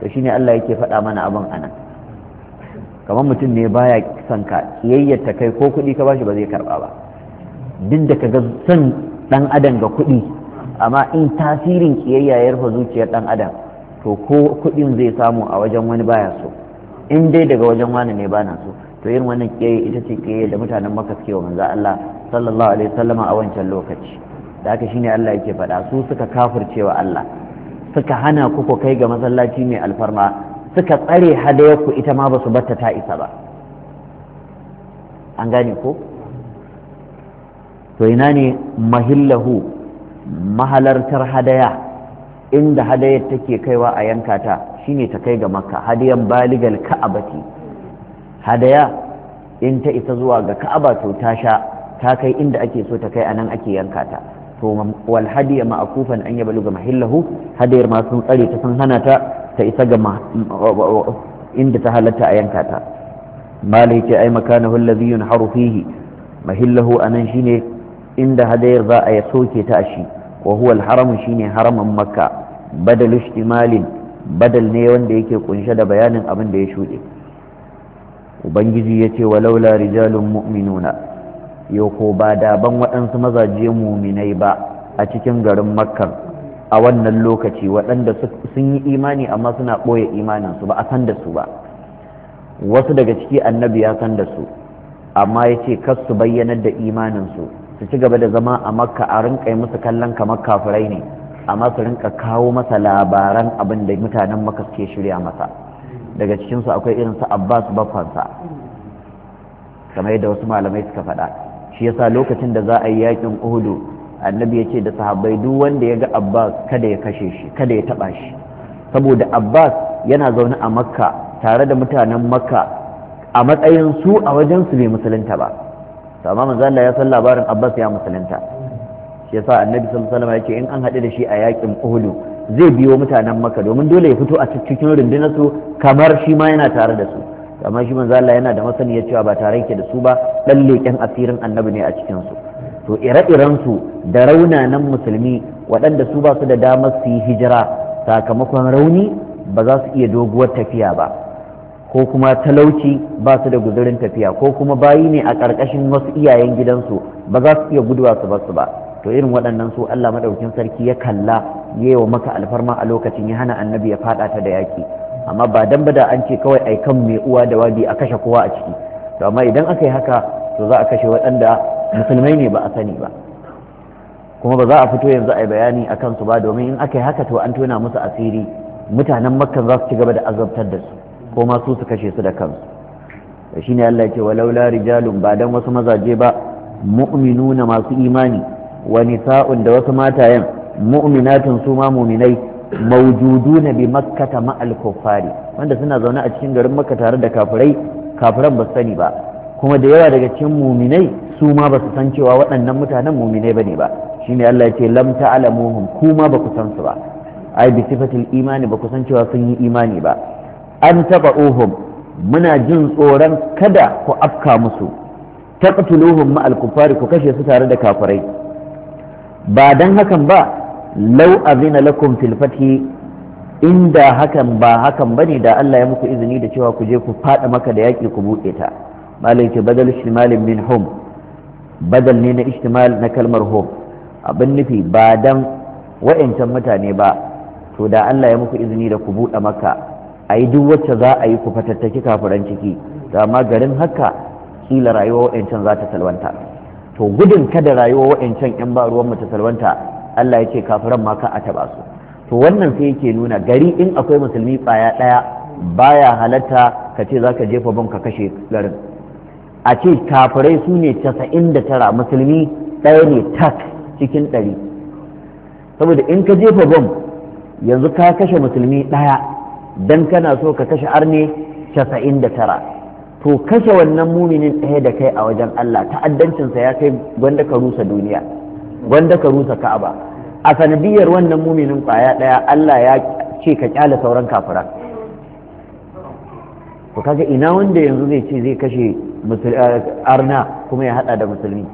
to shine Allah yake faɗa mana abin anan kamar mutum ne baya son ka kiyayyar ta kai ko kuɗi ka bashi ba zai karɓa ba duk da ka ga son ɗan adam ga kuɗi amma in tasirin kiyayya ya rufe zuciyar ɗan adam to ko kuɗin zai samu a wajen wani baya so in dai daga wajen wani ne bana so to yin wannan kiyaye ita ce kiyaye da mutanen maka suke wa manzo Allah sallallahu alaihi wasallama a wancan lokaci da haka shine Allah yake faɗa su suka wa Allah suka hana ku kai ga masallaci mai alfarma suka tsare hadayarku ita ma ba su batta ta isa ba an gane ko to ina ne mahillahu mahalartar hadaya inda hadayar take kaiwa a yanka ta shine ta kai ga makka hadayan baligal ka'abati hadaya in ta isa zuwa ga ka'aba to ta sha ta kai inda ake so ta kai anan ake yanka ta to wal hadiya ma'kufan an yabluga mahillahu hadayar ma sun tsare ta sun hana ta ta isa ga inda ta halatta a yanka ta malai ce ai makanahu allazi yunharu fihi mahillahu anan shine inda hadayar za a soke ta a shi wa huwa al shine haramin makka badal ishtimalin badal ne wanda yake kunshe da bayanin abin da ya shuɗe ubangiji ya ce walaula rijalun mu'minuna yau ko ba daban waɗansu mazaje muminai ba a cikin garin makka a wannan lokaci waɗanda sun yi imani amma suna ɓoye imaninsu ba a san da su ba wasu daga ciki annabi ya san da su amma yace ce kar su bayyanar da imaninsu su ci gaba da zama a makka a rinka musu kallon kamar kafirai ne amma su rinka kawo masa labaran abin da mutanen makka suke shirya masa daga cikinsu akwai irin su abbas baffansa kamar yadda wasu malamai suka faɗa shi yasa lokacin da za a yi yakin uhudu annabi ya ce da sahabbai duk wanda ya ga abbas kada ya kashe shi kada ya taba shi saboda abbas yana zaune a makka tare da mutanen makka a matsayin su a wajen su bai musulunta ba to amma manzo Allah ya san labarin abbas ya musulunta shi yasa annabi sallallahu alaihi wasallam ya ce in an haɗu da shi a yakin uhudu zai biyo mutanen maka domin dole ya fito a cikin rundunar su kamar shi ma yana tare da su amma shi manzo Allah yana da masaniyar cewa ba tare yake da su ba dan leken asirin annabi ne a cikin su to ire-iren su da raunanan musulmi waɗanda su ba su da damar su yi hijira sakamakon rauni ba za su iya doguwar tafiya ba ko kuma talauci ba su da guzurin tafiya ko kuma bayi ne a ƙarƙashin wasu iyayen gidansu ba za su iya guduwa su ba su ba to irin waɗannan su Allah madaukin sarki ya kalla yewa maka alfarma a lokacin ya hana annabi ya fada ta da yaki amma ba dan bada an ce kawai ai kan mai uwa da wabi a kashe kowa a ciki to amma idan aka yi haka to za a kashe waɗanda musulmai ne ba a sani ba kuma ba za a fito yanzu a yi bayani a kansu ba domin in aka yi haka to an tona musu asiri mutanen makka za su ci gaba da azabtar da su ko ma su su kashe su da kansu da shine Allah ya ce walaula rijalun ba dan wasu mazaje ba mu'minuna masu imani wa nisa'un da wasu matayen mu'minatun su ma mu'minai na bi makkata ma'al kuffari wanda suna zaune a cikin garin makka tare da kafirai kafiran ba sani ba kuma da yawa daga cikin mu'minai su ma ba su san cewa waɗannan mutanen mu'minai ne ba shine Allah ya ce lam ta'lamuhum kuma ba ku san su ba ai bi sifatil imani ba ku san cewa sun yi imani ba an taba'uhum muna jin tsoron kada ku afka musu taqtuluhum ma'al kuffari ku kashe su tare da kafirai ba dan hakan ba lau azina lakum fil fathi inda hakan ba hakan bane da Allah ya muku izini da cewa ku je ku fada maka da yaki ku buɗe ta malai ce badal shimalin min hum badal ne na ishtimal na kalmar hom abin nufi ba dan wa'ancan mutane ba to da Allah ya muku izini da ku buɗe maka a yi duk wacce za a yi ku fatattaki kafiran ciki da amma garin haka kila rayuwa wa'ancan za ta salwanta to gudun kada rayuwa wa'ancan yan ba ruwan mu ta salwanta Allah ya ce kafiran ma ka a taba su to wannan sai yake nuna gari in akwai musulmi baya ɗaya baya halatta ka ce za ka jefa bom ka kashe garin a ce kafirai su ne casa'in da tara musulmi ɗaya ne tak cikin ɗari saboda in ka jefa bom yanzu ka kashe musulmi ɗaya don kana so ka kashe arne casa'in da tara to kashe wannan muminin ɗaya da kai a wajen allah ta'addancinsa ya kai gwanda ka rusa duniya gwanda ka rusa ka'aba a sanadiyar wannan muminin kwaya daya Allah ya ce ka kyale sauran kafura ku kaga ina wanda yanzu zai ce zai kashe eh, arna kuma ya hada da musulmi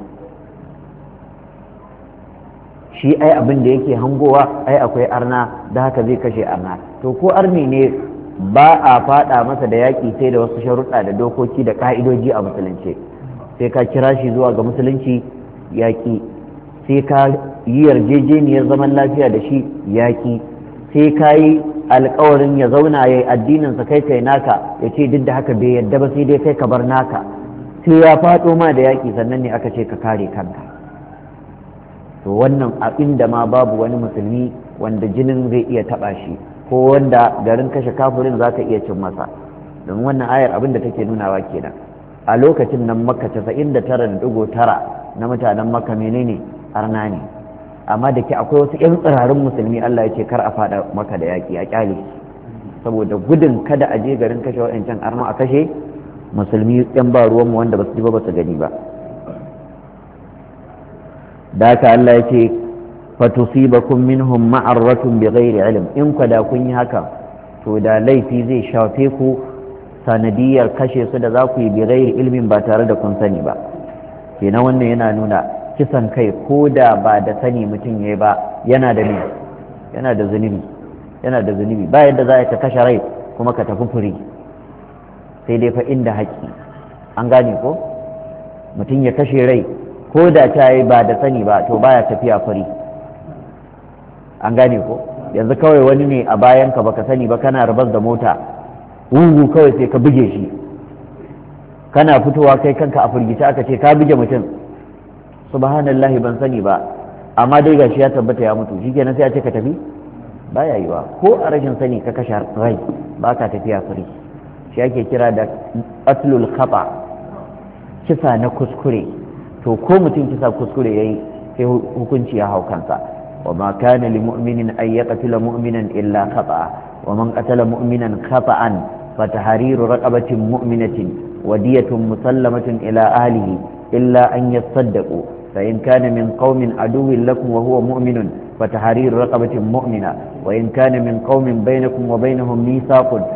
shi ai abin da yake hangowa ai akwai arna da haka zai kashe arna to ko arni ne ba a fada masa da yaƙi sai da wasu sharuɗa da dokoki da ƙa'idoji a musulunci sai ka kira shi zuwa ga musulunci yaƙi sai ka yi yarjejeniyar zaman lafiya da shi yaƙi sai ka yi alkawarin ya zauna ya yi addininsa kai kai naka ya ce duk da haka bai yadda ba sai dai kai ka bar naka sai ya faɗo ma da yaƙi sannan ne aka ce ka kare kanka to wannan a inda ma babu wani musulmi wanda jinin zai iya taɓa shi ko wanda garin kashe kafirin za ka iya cin masa domin wannan ayar abin da take nunawa kenan a lokacin nan makka casa'in na mutanen maka menene arna ne amma da ke akwai wasu yan tsirarin musulmi Allah ya ce kar a fada maka da yaki a kyale saboda gudun kada a je garin kashe wa'ancan arna a kashe musulmi yan ba ruwanmu wanda ba su ji ba su gani ba da haka Allah ya ce fatusibakum minhum bi gairi ilm in ku da kun yi haka to da laifi zai shafe ku sanadiyar kashe su da za ku yi gairi ilmin ba tare da kun sani ba kenan wannan yana nuna kisan kai ko da ba da sani mutum ya ba yana da ne yana da zunubi yana da zunubi ba yadda za a ta kashe rai kuma ka tafi fure sai dai fa inda haƙƙi an gane ko mutum ya kashe rai ko da ta yi ba da sani ba to baya tafiya fure an gane ko yanzu kawai wani ne a bayan ka baka sani ba kana rabar da mota wungu kawai sai ka buge shi kana fitowa kai kanka a firgice aka ce ka buge mutum subhanallahi ban sani ba amma dai gashi ya tabbata ya mutu shikenan sai a ce ka tafi baya yiwa ko a rashin sani ka kashe rai ba ka tafiya fari shi ake kira da aslul kisa na kuskure to ko mutum kisa kuskure yayi sai hukunci ya hau kansa wa ma kana lil mu'minin an yaqtula mu'minan illa khata wa man qatala mu'minan khata'an fa tahriru raqabatin mu'minatin ودية مسلمة إلى أهله illa أن يصدقوا فإن كان من قوم عدو لكم وهو مؤمن فتحرير رقبة مؤمنة وإن كان من قوم بينكم وبينهم ميثاق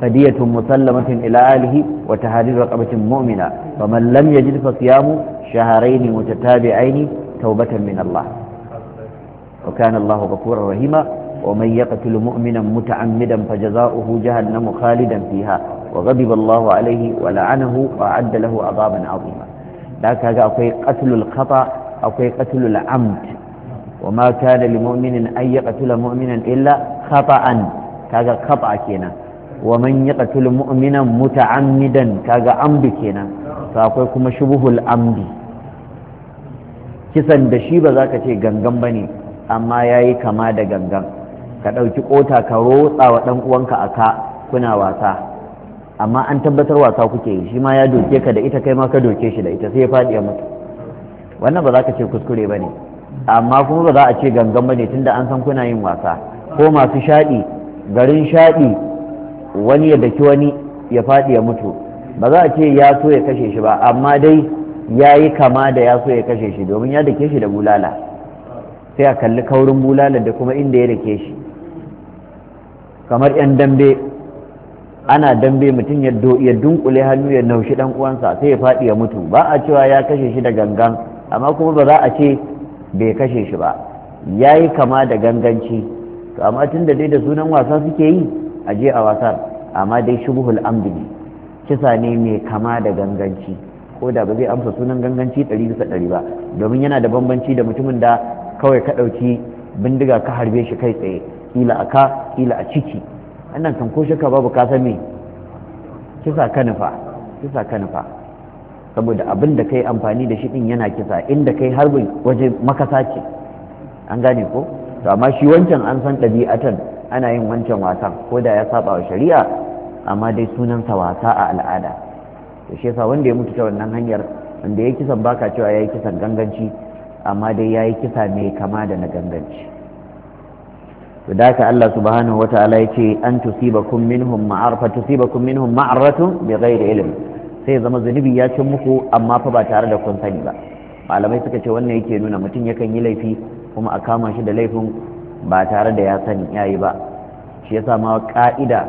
فدية مسلمة إلى أهله وتحرير رقبة مؤمنة فمن لم يجد فصيام شهرين متتابعين توبة من الله وكان الله غفورا رحيما ومن يقتل مؤمنا متعمدا فجزاؤه جهنم خالدا فيها وغضب الله عليه ولعنه وأعد له عذابا عظيما da ga akwai qatlul khata akwai qatlul amd wa ma kana lil mu'minin an yaqtula mu'minan illa khata'an kaga khata kenan wa man yaqtul mu'minan muta'ammidan kaga amdu kenan to akwai kuma shubuhul amdi kisan da shi ba za ka ce gangan ba ne. amma yayi kama da gangan ka ɗauki ƙota ka rotsa wa ɗan uwanka a ka kuna wasa amma an tabbatar wasa kuke yi shi ma ya doke ka da ita kai ma ka doke shi da ita sai ya faɗi ya mutu wannan ba za ka ce kuskure ba ne amma kuma ba za a ce gangan ba ne tunda an san kuna yin wasa ko masu shaɗi garin shaɗi wani ya daki wani ya faɗi ya mutu ba za a ce ya so ya kashe shi ba amma dai ya yi kama da ya so ya kashe shi domin ya dake shi da bulala sai a kalli kaurin bulala da kuma inda ya dake shi kamar 'yan dambe ana dambe mutum ya dunkule hannu ya naushi dan uwansa sai ya faɗi ya mutu ba a cewa ya kashe shi da gangan amma kuma ba za a ce bai kashe shi ba ya yi kama da ganganci to amma tun da dai da sunan wasa suke yi a je a wasan amma dai shubuhul amdi ne kisa ne mai kama da ganganci ko da ba zai amsa sunan ganganci ɗari bisa ɗari ba domin yana da bambanci da mutumin da kawai ka ɗauki bindiga ka harbe shi kai tsaye kila a ka kila a ciki wannan kan ko shaka babu ka san me kisa ka kisa ka saboda abin da kai amfani da shi din yana kisa inda kai har waje makasa ce an gane ko to amma shi wancan an san ɗabi'atan ana yin wancan wasan ko da ya saba wa shari'a amma dai sunansa wasa a al'ada to shi yasa wanda ya mutu ta wannan hanyar wanda ya kisan baka cewa ya yi kisan ganganci amma dai ya yi kisa mai kama da na ganganci to da Allah subhanahu Wata'ala ya ce an tusibakum minhum ma'arfa tusibakum minhum ma'arratun da ilimi ilm sai zama zunubi ya cin muku amma fa ba tare da kun sani ba malamai suka ce wannan yake nuna mutum yakan yi laifi kuma a kama shi da laifin ba tare da ya sani yayi ba shi yasa ma ka'ida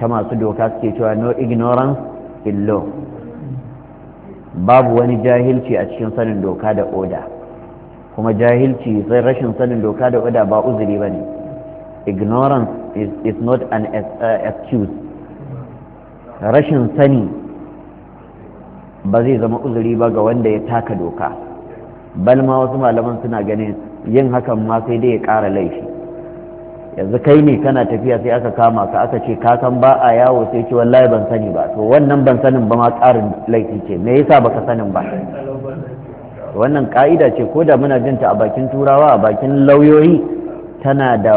ta masu doka suke cewa no ignorance in law babu wani jahilci a cikin sanin doka da oda kuma jahilci sai rashin sanin doka da oda ba uzuri ba ne ignorance is, is not an uh, excuse rashin sani ba zai zama uzuri ba ga wanda ya taka doka bal ma wasu malaman suna ganin yin hakan ma sai dai ya kara laifi yanzu kai ne kana tafiya sai aka kama ka aka ce ka san ba a yawo sai ce wallahi ban sani ba to wannan ban sanin ba ma ƙarin laifi ce me yasa baka sanin ba wannan ka'ida ce ko da muna jinta a bakin turawa a bakin lauyoyi tana da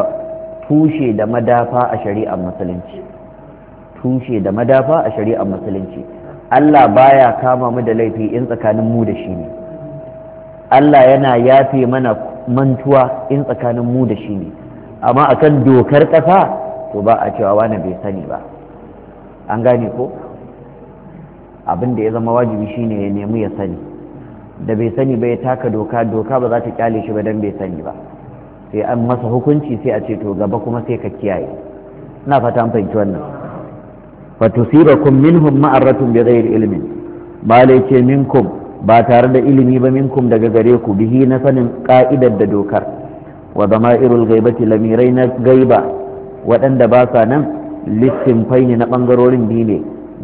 tushe da madafa a shari'ar musulunci tushe da madafa a shari'ar musulunci Allah baya kama mu da laifi in tsakanin mu da shi ne Allah yana yafe mana mantuwa in tsakanin mu da shi ne amma akan dokar ƙasa to ba a cewa wani bai sani ba an gane ko abin da ya zama wajibi shine ya nemi ya sani da bai sani ba ya taka doka doka ba za ta kyale shi ba don bai sani ba sai an masa hukunci sai a ce to gaba kuma sai ka kiyaye na fata an fahimci wannan fa tusibakum minhum ma'aratun bi ghairi ilmin ba ce minkum ba tare da ilimi ba minkum daga gare ku bihi na sanin ka'idar da dokar wa zama'irul ghaibati lamirai na gaiba waɗanda ba sa nan listin ne na bangarorin biyu ne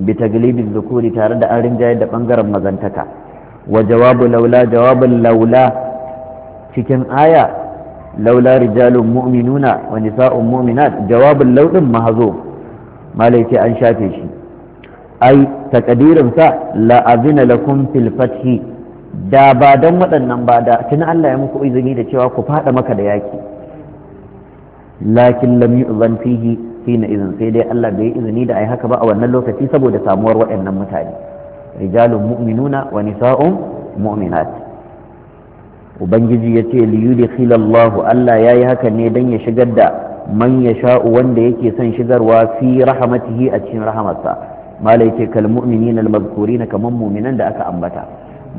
bi taglibin zukuri tare da an rinjaye da bangaren mazantaka wa jawabu laula jawabin laula cikin aya laula rijalun mu'minuna wa nisa'un mu'minat jawabin laudin mahazo malai ce an shafe shi ai takadirin sa la azina lakum fil fathi da ba dan waɗannan ba da tun Allah ya muku izini da cewa ku fada maka da yaki lakin lam yu'zan fihi hina izin sai dai Allah bai izini da ai haka ba a wannan lokaci saboda samuwar waɗannan mutane rijalun mu'minuna wa nisa'un mu'minat ubangiji ya ce liyudkhilallahu Allah yayi haka ne dan ya shigar da man sha'u wanda yake son shigarwa fi rahmatihi a cikin rahamarsa malai yake kal mu'minina al na kaman mu'minan da aka ambata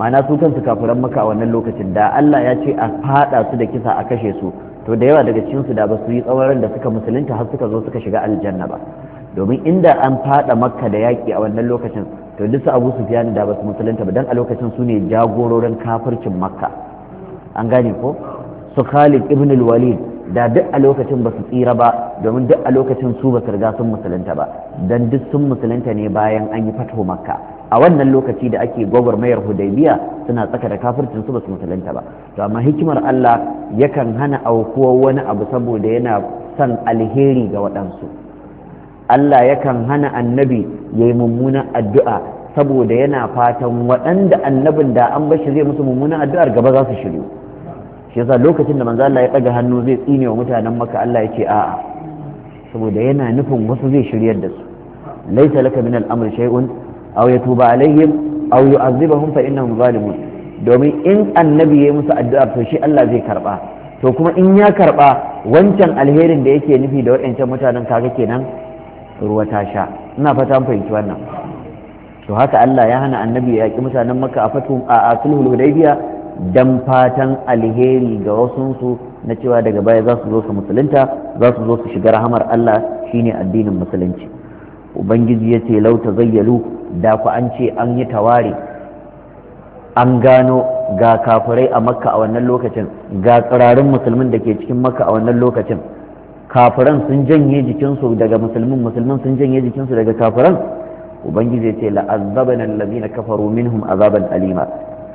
ma'ana su kansu kafiran maka a wannan lokacin da Allah ya ce a fada su da kisa a kashe su to da yawa daga cikin su da ba su yi tsawaran da suka musulunta har suka zo suka shiga aljanna ba domin inda an fada makka da yaki a wannan lokacin to duk su abu su da ba su musulunta ba dan a lokacin su ne jagororin kafircin makka an gane ko su khalid ibn walid da duk a lokacin ba su tsira ba domin duk a lokacin su ba riga sun musulunta ba dan duk sun musulunta ne bayan an yi fato makka a wannan lokaci da ake gwagwarmayar hudaybiya suna tsaka da kafircin su ba su musulunta ba to amma hikimar Allah yakan hana aukuwar wani abu saboda yana son alheri ga waɗansu Allah yakan hana annabi yayi mummunan addu'a saboda yana fatan waɗanda annabin da an bashi zai musu mummunan addu'ar gaba za su shiryu shi yasa lokacin da manzo Allah ya daga hannu zai tsine wa mutanen maka Allah ya ce a'a saboda yana nufin wasu zai shiryar da su laisa laka min al-amr shay'un aw yatuba alaihim aw yu'adhibahum fa innahum zalimun domin in annabi yayi musu addu'a to shi Allah zai karba to kuma in ya karba wancan alherin da yake nufi da waɗancan mutanen kaga kenan ruwa ta sha ina fata fahimci wannan to haka Allah ya hana annabi ya yaki mutanen Makka a fatu a sulhul hudaybiyah dan fatan alheri ga wasunsu na cewa daga baya za su zo su musulunta za su zo su shiga rahamar Allah shine addinin musulunci ubangiji ya ce lauta zayyalu da ku an ce an yi taware an gano ga kafirai a makka a wannan lokacin ga tsirarin musulmin da ke cikin makka a wannan lokacin kafiran sun janye jikinsu daga musulmin musulmin sun janye jikinsu daga kafiran ubangiji ya ce la'azzabana allazina kafaru minhum azaban alima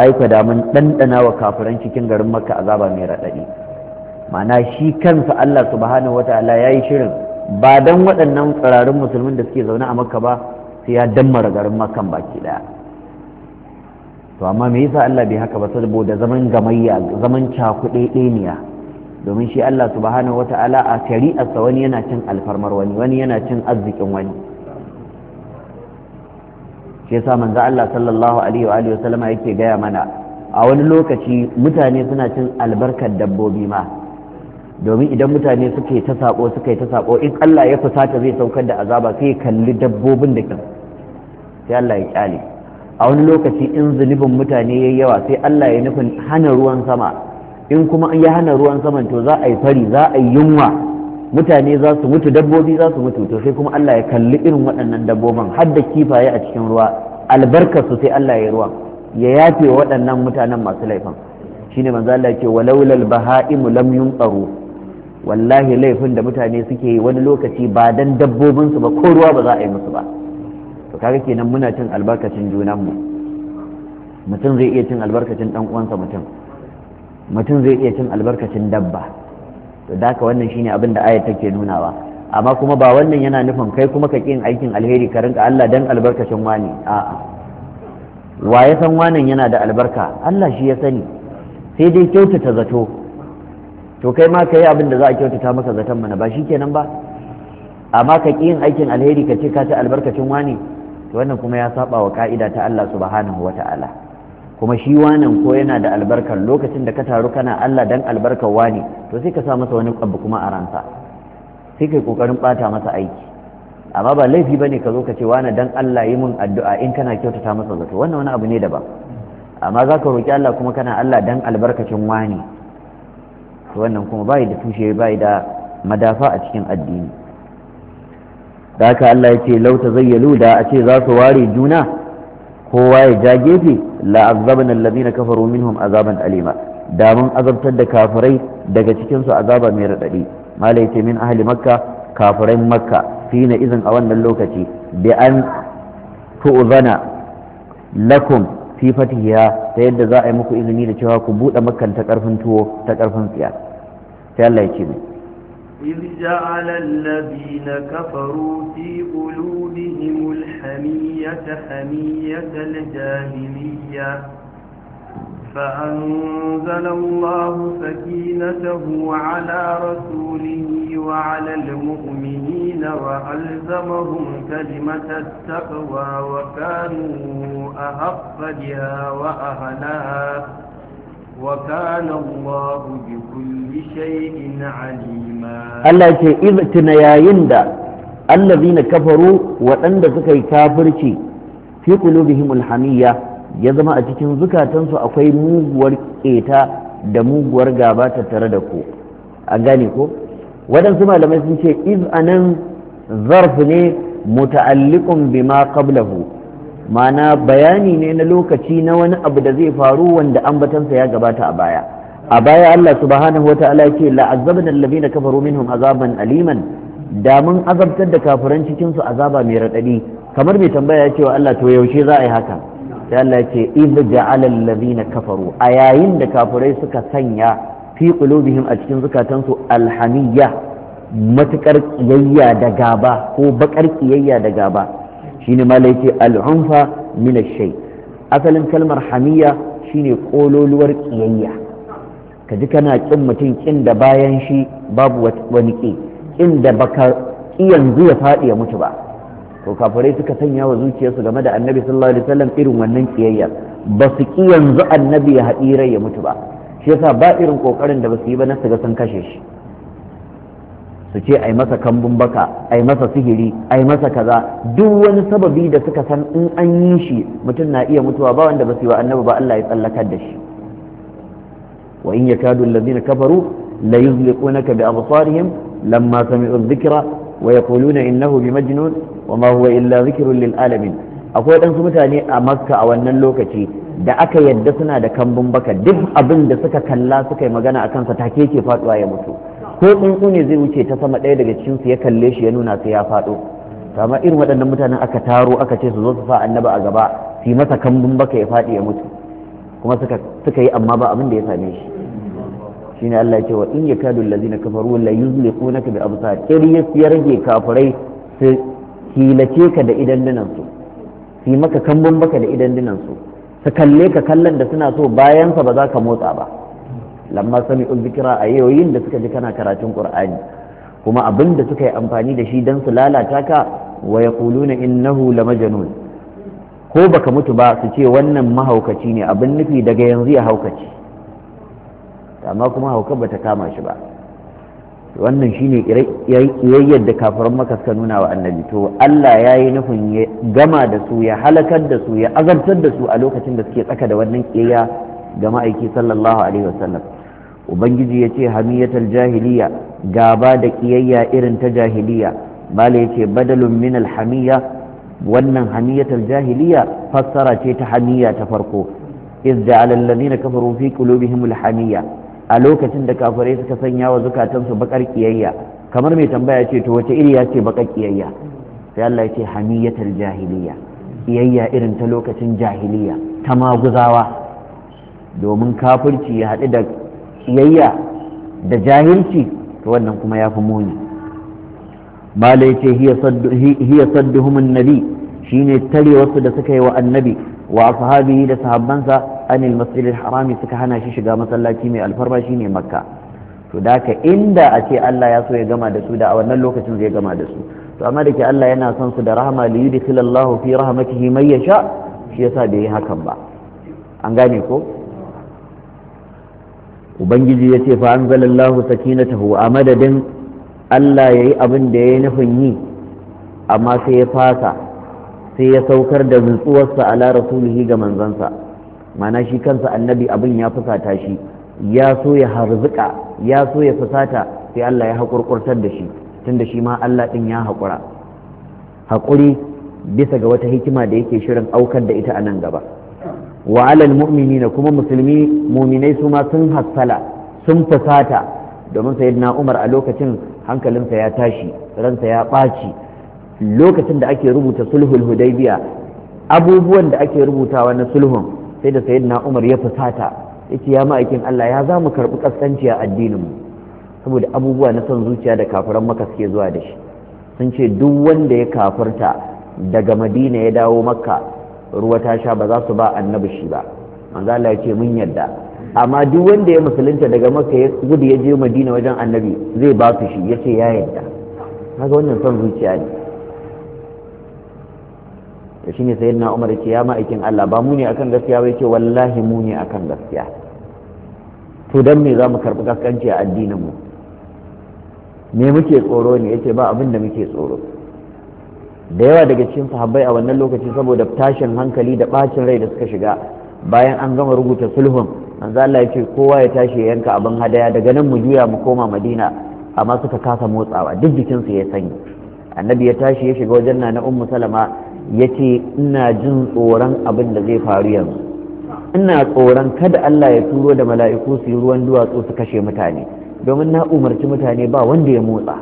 aika da mun ɗanɗana wa kafiran cikin garin makka azaba mai raɗaɗi ma'ana shi kansa allah subhanahu wa ta'ala ya yi shirin ba don waɗannan tsirarin musulmin da suke zaune a makka ba sai ya dammara garin makkan baki ɗaya to amma me yasa allah bai haka ba saboda zaman gamayya zaman cakuɗeɗeniya domin shi allah subhanahu wa ta'ala a shari'arsa wani yana cin alfarmar wani wani yana cin arzikin wani shi yasa manzo Allah sallallahu alaihi wa alihi wasallama yake gaya mana a wani lokaci mutane suna cin albarkar dabbobi ma domin idan mutane suke ta sako suke ta sako in Allah ya fusata zai saukar da azaba sai kalli dabbobin da sai Allah ya kyale a wani lokaci in zunubin mutane yayi yawa sai Allah ya nufin hana ruwan sama in kuma an ya hana ruwan sama to za a yi fari za a yi yunwa mutane za su mutu dabbobi za su mutu to sai kuma Allah ya kalli irin waɗannan dabbobin har da kifaye a cikin ruwa albarka su sai Allah ya ruwa ya yafe waɗannan mutanen masu laifin shine manzo Allah yake walaulal bahaimu lam yunqaru wallahi laifin da mutane suke yi wani lokaci ba dan dabbobin su ba ko ruwa ba za a yi musu ba to kaga kenan muna cin albarkacin junanmu mutum zai iya cin albarkacin dan uwansa mutum mutum zai iya cin albarkacin dabba to da wannan shine abin da ayat take nunawa amma kuma ba wannan yana nufin kai kuma ka kin aikin alheri ka rinka Allah dan albarkacin wani a'a wa ya san wannan yana da albarka Allah shi ya sani sai dai kyautata zato to kai ma ka yi abin da za a kyautata maka zaton mana ba shi kenan ba amma ka yin aikin alheri ka ce ka ci albarkacin wani to wannan kuma ya saba wa ka'ida ta Allah subhanahu wataala kuma shi wanan ko yana da albarkar lokacin da ka taru kana Allah dan albarkar wani to sai ka sa masa wani abu kuma a ransa sai kai kokarin bata masa aiki amma ba laifi bane ka zo ka ce wani dan Allah yi min addu'a in kana kyautata masa zato wannan wani abu ne daban amma za ka roki Allah kuma kana Allah dan albarkacin wani to wannan kuma bai da tushe bai da madafa a cikin addini da haka Allah ya ce lauta zayyalu da a ce za su ware juna kowa ya ja gefe na na kafaru minhum azaban alima da mun azabtar da kafirai daga cikinsu azaba mai raɗaɗi malai ce min ahali makka kafirai makka fina izin a wannan lokaci bi an tu'zana lakum fi fatihiya ta yadda za a yi muku izini da cewa ku buɗe makkan ta ƙarfin tuwo ta ƙarfin tsiya sai Allah ya ce mai إذ جعل الذين كفروا في قلوبهم الحمية حمية الجاهلية فأنزل الله سكينته على رسوله وعلى المؤمنين وألزمهم كلمة التقوى وكانوا أحق بها وأهلاها Waƙa na uwa ku je ƙungishai ina alimata? Allah ce, Ibrahim ƙara na yayin da Allah zina kafaro waɗanda suka yi kafurci. Fikulun Ruhun ya zama a cikin zukatansu akwai muguwar ƙeta da muguwar gaba tare da ku. A gane ku? Waɗansu malamai sun ce, iz anan zarf ne ta'alluka bima kabla mana bayani ne na lokaci na wani abu da zai faru wanda ambatansa ya gabata a baya a baya Allah subhanahu wa ta'ala yake la'azzabna alladhina kafaru minhum azaban aliman da mun azabtar da kafiran cikin su azaba mai radadi kamar mai tambaya ya ce wa Allah to yaushe za a yi haka sai Allah ya ce idh ja'ala alladhina kafaru a yayin da kafirai suka sanya fi qulubihim a cikin zukatansu alhamiyya matukar kiyayya da gaba ko bakar kiyayya da gaba shine malai ce al'unfa min shay asalin kalmar hamiya shine kololuwar kiyayya ka ji kana kin mutum kin da bayan shi babu wani ki kin da baka ki yanzu ya faɗi ya mutu ba to kafirai suka sanya wa zuciyarsu game da annabi sallallahu alaihi wasallam irin wannan kiyayya ba su ki yanzu annabi ya haɗi rai ya mutu ba shi yasa ba irin kokarin da ba su yi ba na su ga sun kashe shi su ce ai masa kambun baka ai masa sihiri ai masa kaza duk wani sababi da suka san in an yi shi mutum na iya mutuwa ba wanda ba su yi wa annabi ba Allah ya tsallakar da shi wa in yakadu allazina kafaru la yuzliqunaka bi absarihim lamma sami'u dhikra wa yaquluna innahu bimajnun wa ma huwa illa dhikrun lil alamin akwai dan su mutane a makka a wannan lokaci da aka yadda suna da kambun baka duk abin da suka kalla suka yi magana akan sa take ke faduwa ya mutu ko tsuntsu ne zai wuce ta sama ɗaya daga cikinsu ya kalle shi ya nuna sai ya faɗo amma irin waɗannan mutanen aka taro aka ce su zo su fa annaba a gaba su yi masa kambun baka ya faɗi ya mutu kuma suka yi amma ba abin da ya same shi shine Allah ya ce wa in yakadu allazina kafaru la yuzliqunaka bi absar kiriyas ya rage kafirai su hilace ka da idandunan su su maka kambun baka da idandunan su su kalle ka kallon da suna so bayan sa ba za ka motsa ba lamma zikira a ayoyin da suka ji kana karatun qur'ani kuma abin da suka yi amfani da shi dan su lalata ka wa yaquluna innahu lamajnun ko baka mutu ba su ce wannan mahaukaci ne abin nufi daga yanzu ya haukaci amma kuma haukar bata kama shi ba wannan shine kiyayyar da kafiran maka suka nuna wa annabi to Allah ya yi nufin ya gama da su ya halakar da su ya azabtar da su a lokacin da suke tsaka da wannan kiyayya ga ma'aiki sallallahu alaihi wasallam ubangiji ya ce hamiyatar jahiliya gaba da kiyayya irin ta jahiliya bala ya ce badalun min alhamiya wannan hamiyatar jahiliya fassara ce ta hamiya ta farko izda ja'ala allazina kafaru fi qulubihim alhamiya a lokacin da kafirai suka sanya wa zukatansu bakar kiyayya kamar mai tambaya ce to wace iri ya ce bakar kiyayya sai Allah ya ce hamiyatar jahiliya kiyayya irin ta lokacin jahiliya ta maguzawa domin kafirci ya haɗu da kiyayya da jahilci to wannan kuma ya fi muni mala ce hiya sadduhumun nabi shine tare wasu da suka yi wa annabi wa ashabihi da sahabbansa anil masjidil harami suka hana shi shiga masallaci mai alfarma shine makka to da ka inda a ce Allah ya so ya gama da su da a wannan lokacin zai gama da su to amma da ke Allah yana son su da rahama li yudkhilallahu fi rahmatihi ya yasha shi yasa bai yi hakan ba an gane ko ubangiji ya ce fa na sakinatahu a madadin Allah ya yi abin da ya yi nufin yi amma sai ya fasa sai ya saukar da nutsuwarsa ala rasulihi ga manzansa mana shi kansa annabi abin ya fusata shi ya so ya harzuka ya so ya fusata sai Allah ya haƙurƙurtar da shi tun da shi ma Allah ɗin ya haƙura haƙuri bisa ga wata hikima da yake shirin aukar da ita a nan gaba wa alal mu'minina kuma musulmi muminai su ma sun hassala sun fusata domin sayyidina Umar a lokacin hankalinsa ya tashi ransa ya ɓaci lokacin da ake rubuta sulhul hudaybiya abubuwan da ake rubutawa na sulhun sai da sayyidina Umar ya fusata yace ya ma'aikin Allah ya za mu karɓi kaskanci a addinin saboda abubuwa na son zuciya da kafiran maka suke zuwa da shi sun ce duk wanda ya kafirta daga madina ya dawo makka ruwa ta sha ba za su ba annabi shi ba manzo Allah ya ce mun yadda amma duk wanda ya musulunta daga maka ya gudu ya je madina wajen annabi zai ba su shi ya ce ya yadda kaga wannan son zuciya ne da shine na Umar ce ya ma'aikin Allah ba mu ne akan gaskiya ba ce wallahi mu ne akan gaskiya to dan me za mu karbi gaskanci a addinin mu me muke tsoro ne yace ba abin da muke tsoro da yawa daga cikin sahabbai a wannan lokaci saboda tashin hankali da bacin rai da suka shiga bayan an gama rubuta sulhun manzo Allah ya ce kowa ya tashi ya yanka abin hadaya daga nan mu juya mu koma Madina amma suka kasa motsawa duk su ya sanyi annabi ya tashi ya shiga wajen na ummu salama ya ce ina jin tsoron abin da zai faru yanzu ina tsoron kada Allah ya turo da mala'iku su yi ruwan duwatsu su kashe mutane domin na umarci mutane ba wanda ya motsa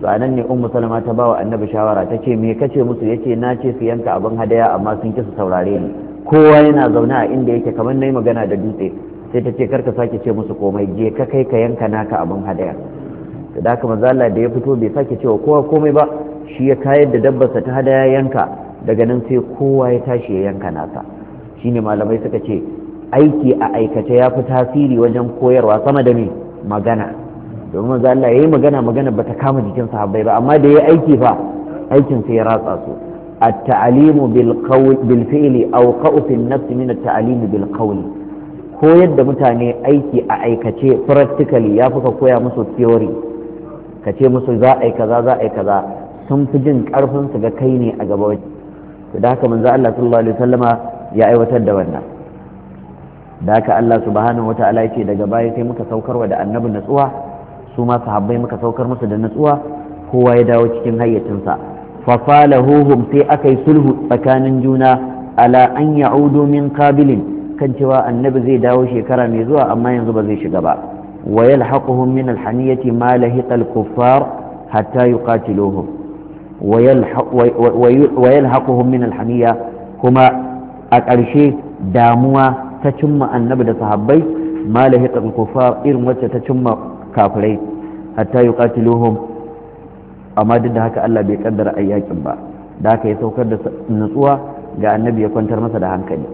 to anan ne ummu salama ta bawa annabi shawara ta ce me kace musu yace na ce su yanka abin hadaya amma sun ki su saurare ni kowa yana zaune a inda yake kamar nayi magana da dutse sai ta ce ka sake ce musu komai je ka kai ka yanka naka abin hadaya to da haka manzo da ya fito bai sake cewa kowa komai ba shi ya kayar da dabbarsa ta hadaya yanka daga nan sai kowa ya tashi ya yanka nasa shine malamai suka ce aiki a aikace ya fi tasiri wajen koyarwa sama da ni magana domin manzo Allah yayi magana magana bata kama jikin sahabbai ba amma da yayi aiki fa aikin sai ya ratsa su at ta'alimu bil qawl bil fi'li aw qawf an-nafs min at-ta'lim bil qawl koyar da mutane aiki a aikace practically ya fuka koya musu theory ka ce musu za a yi kaza za a yi kaza sun fi jin karfin su ga kai ne a gaba to da haka manzo Allah sallallahu alaihi wasallama ya aiwatar da wannan da haka Allah subhanahu wataala yake daga baya sai muka saukarwa da annabi natsuwa su ma sahabbai muka saukar musu da natsuwa kowa ya dawo cikin hayyacinsa fafalahuhum sai aka yi sulhu tsakanin juna ala an ya'udu min kabilin. kan cewa annabi zai dawo shekara mai zuwa amma yanzu ba zai shiga ba wa yalhaquhum min alhaniyati ma lahiqa hatta yuqatiluhum wa yalhaquhum min alhaniya kuma a ƙarshe damuwa ta cimma annabi da sahabbai ma lahiqa al-kuffar irin wacce ta cimma kafirai hatta yuqatiluhum amma duk da haka Allah bai kaddara yakin ba da haka ya saukar da nutsuwa ga annabi ya kwantar masa da hankali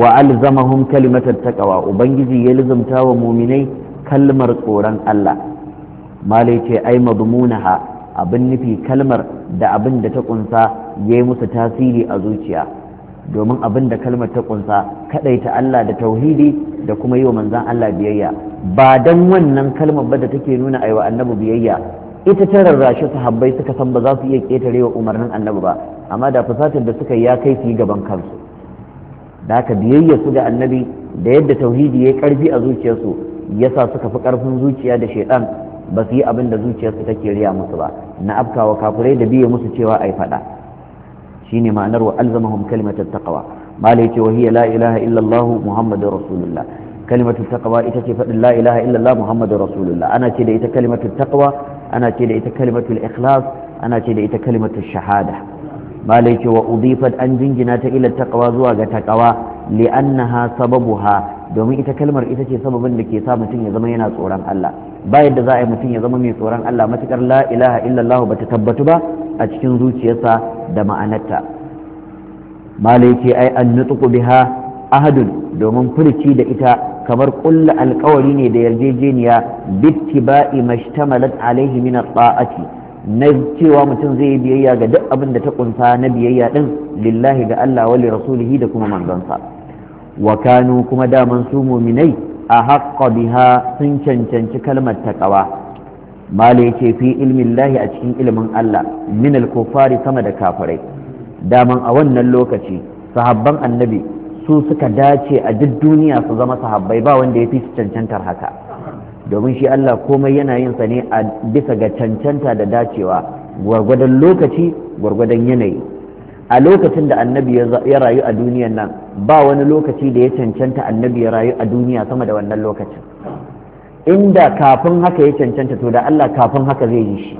wa alzamahum kalimatar taqwa ubangiji ya lizumta wa muminai kalmar tsoron Allah malai ce ai madmunaha abin nufi kalmar da abin da ta kunsa yi musu tasiri a zuciya domin abin da kalmar ta kunsa ta Allah da tauhidi da kuma yi wa manzan Allah biyayya ba dan wannan kalmar ba da take nuna aiwa annabi biyayya ita ta su sahabbai suka san ba za su iya ketare wa umarnin annabi ba amma da fusatin da suka yi ya kai su yi gaban kansu da haka biyayya su da annabi da yadda tauhidi ya yi karfi a zuciyarsu yasa suka fi karfin zuciya da shaidan ba su yi abin da zuciyarsu take riya musu ba na afkawa kafurai da biye musu cewa ai faɗa shine ma'anar wa alzamahum kalimatat taqwa malai ce wa hiya la ilaha illallah muhammadur rasulullah kalimatu taqwa ita ce fadin la ilaha illallah muhammadur rasulullah ana ce da ita kalimatu taqwa ana ce da ita kalimatul ikhlas ana ce da ita kalimatu shahada malai ce wa udifat an jingina ta ila taqwa zuwa ga taqwa li'annaha sababuha domin ita kalmar ita ce sababin da ke sa mutum ya zama yana tsoron Allah ba yadda za a yi mutum ya zama mai tsoron Allah matukar la ilaha illallah bata tabbatu ba a cikin zuciyarsa da ma'anarta malai ce ai an nutsuku biha ahadun domin furci da ita kamar kulla alkawari ne da yarjejeniya bittiba'i mashtamalat alaihi min ta'ati na cewa mutum zai yi biyayya ga duk abin da ta kunsa na biyayya din lillahi ga Allah wa rasulihi da kuma manzonsa wa kanu kuma daman su muminai a haƙƙa biha sun cancanci kalmar taƙawa ya yake fi ilmin lahi a cikin ilimin Allah min al-kufari sama da kafirai daman a wannan lokaci sahabban annabi su suka dace a duk duniya su zama sahabbai ba wanda ya fi su cancantar haka domin shi Allah komai yana yin sa ne a bisa ga cancanta da dacewa gwargwadon lokaci gwargwadon yanayi a lokacin da annabi ya rayu a duniyar nan ba wani lokaci da ya cancanta annabi ya rayu a duniya sama da wannan lokacin inda kafin haka ya cancanta to da Allah kafin haka zai yi shi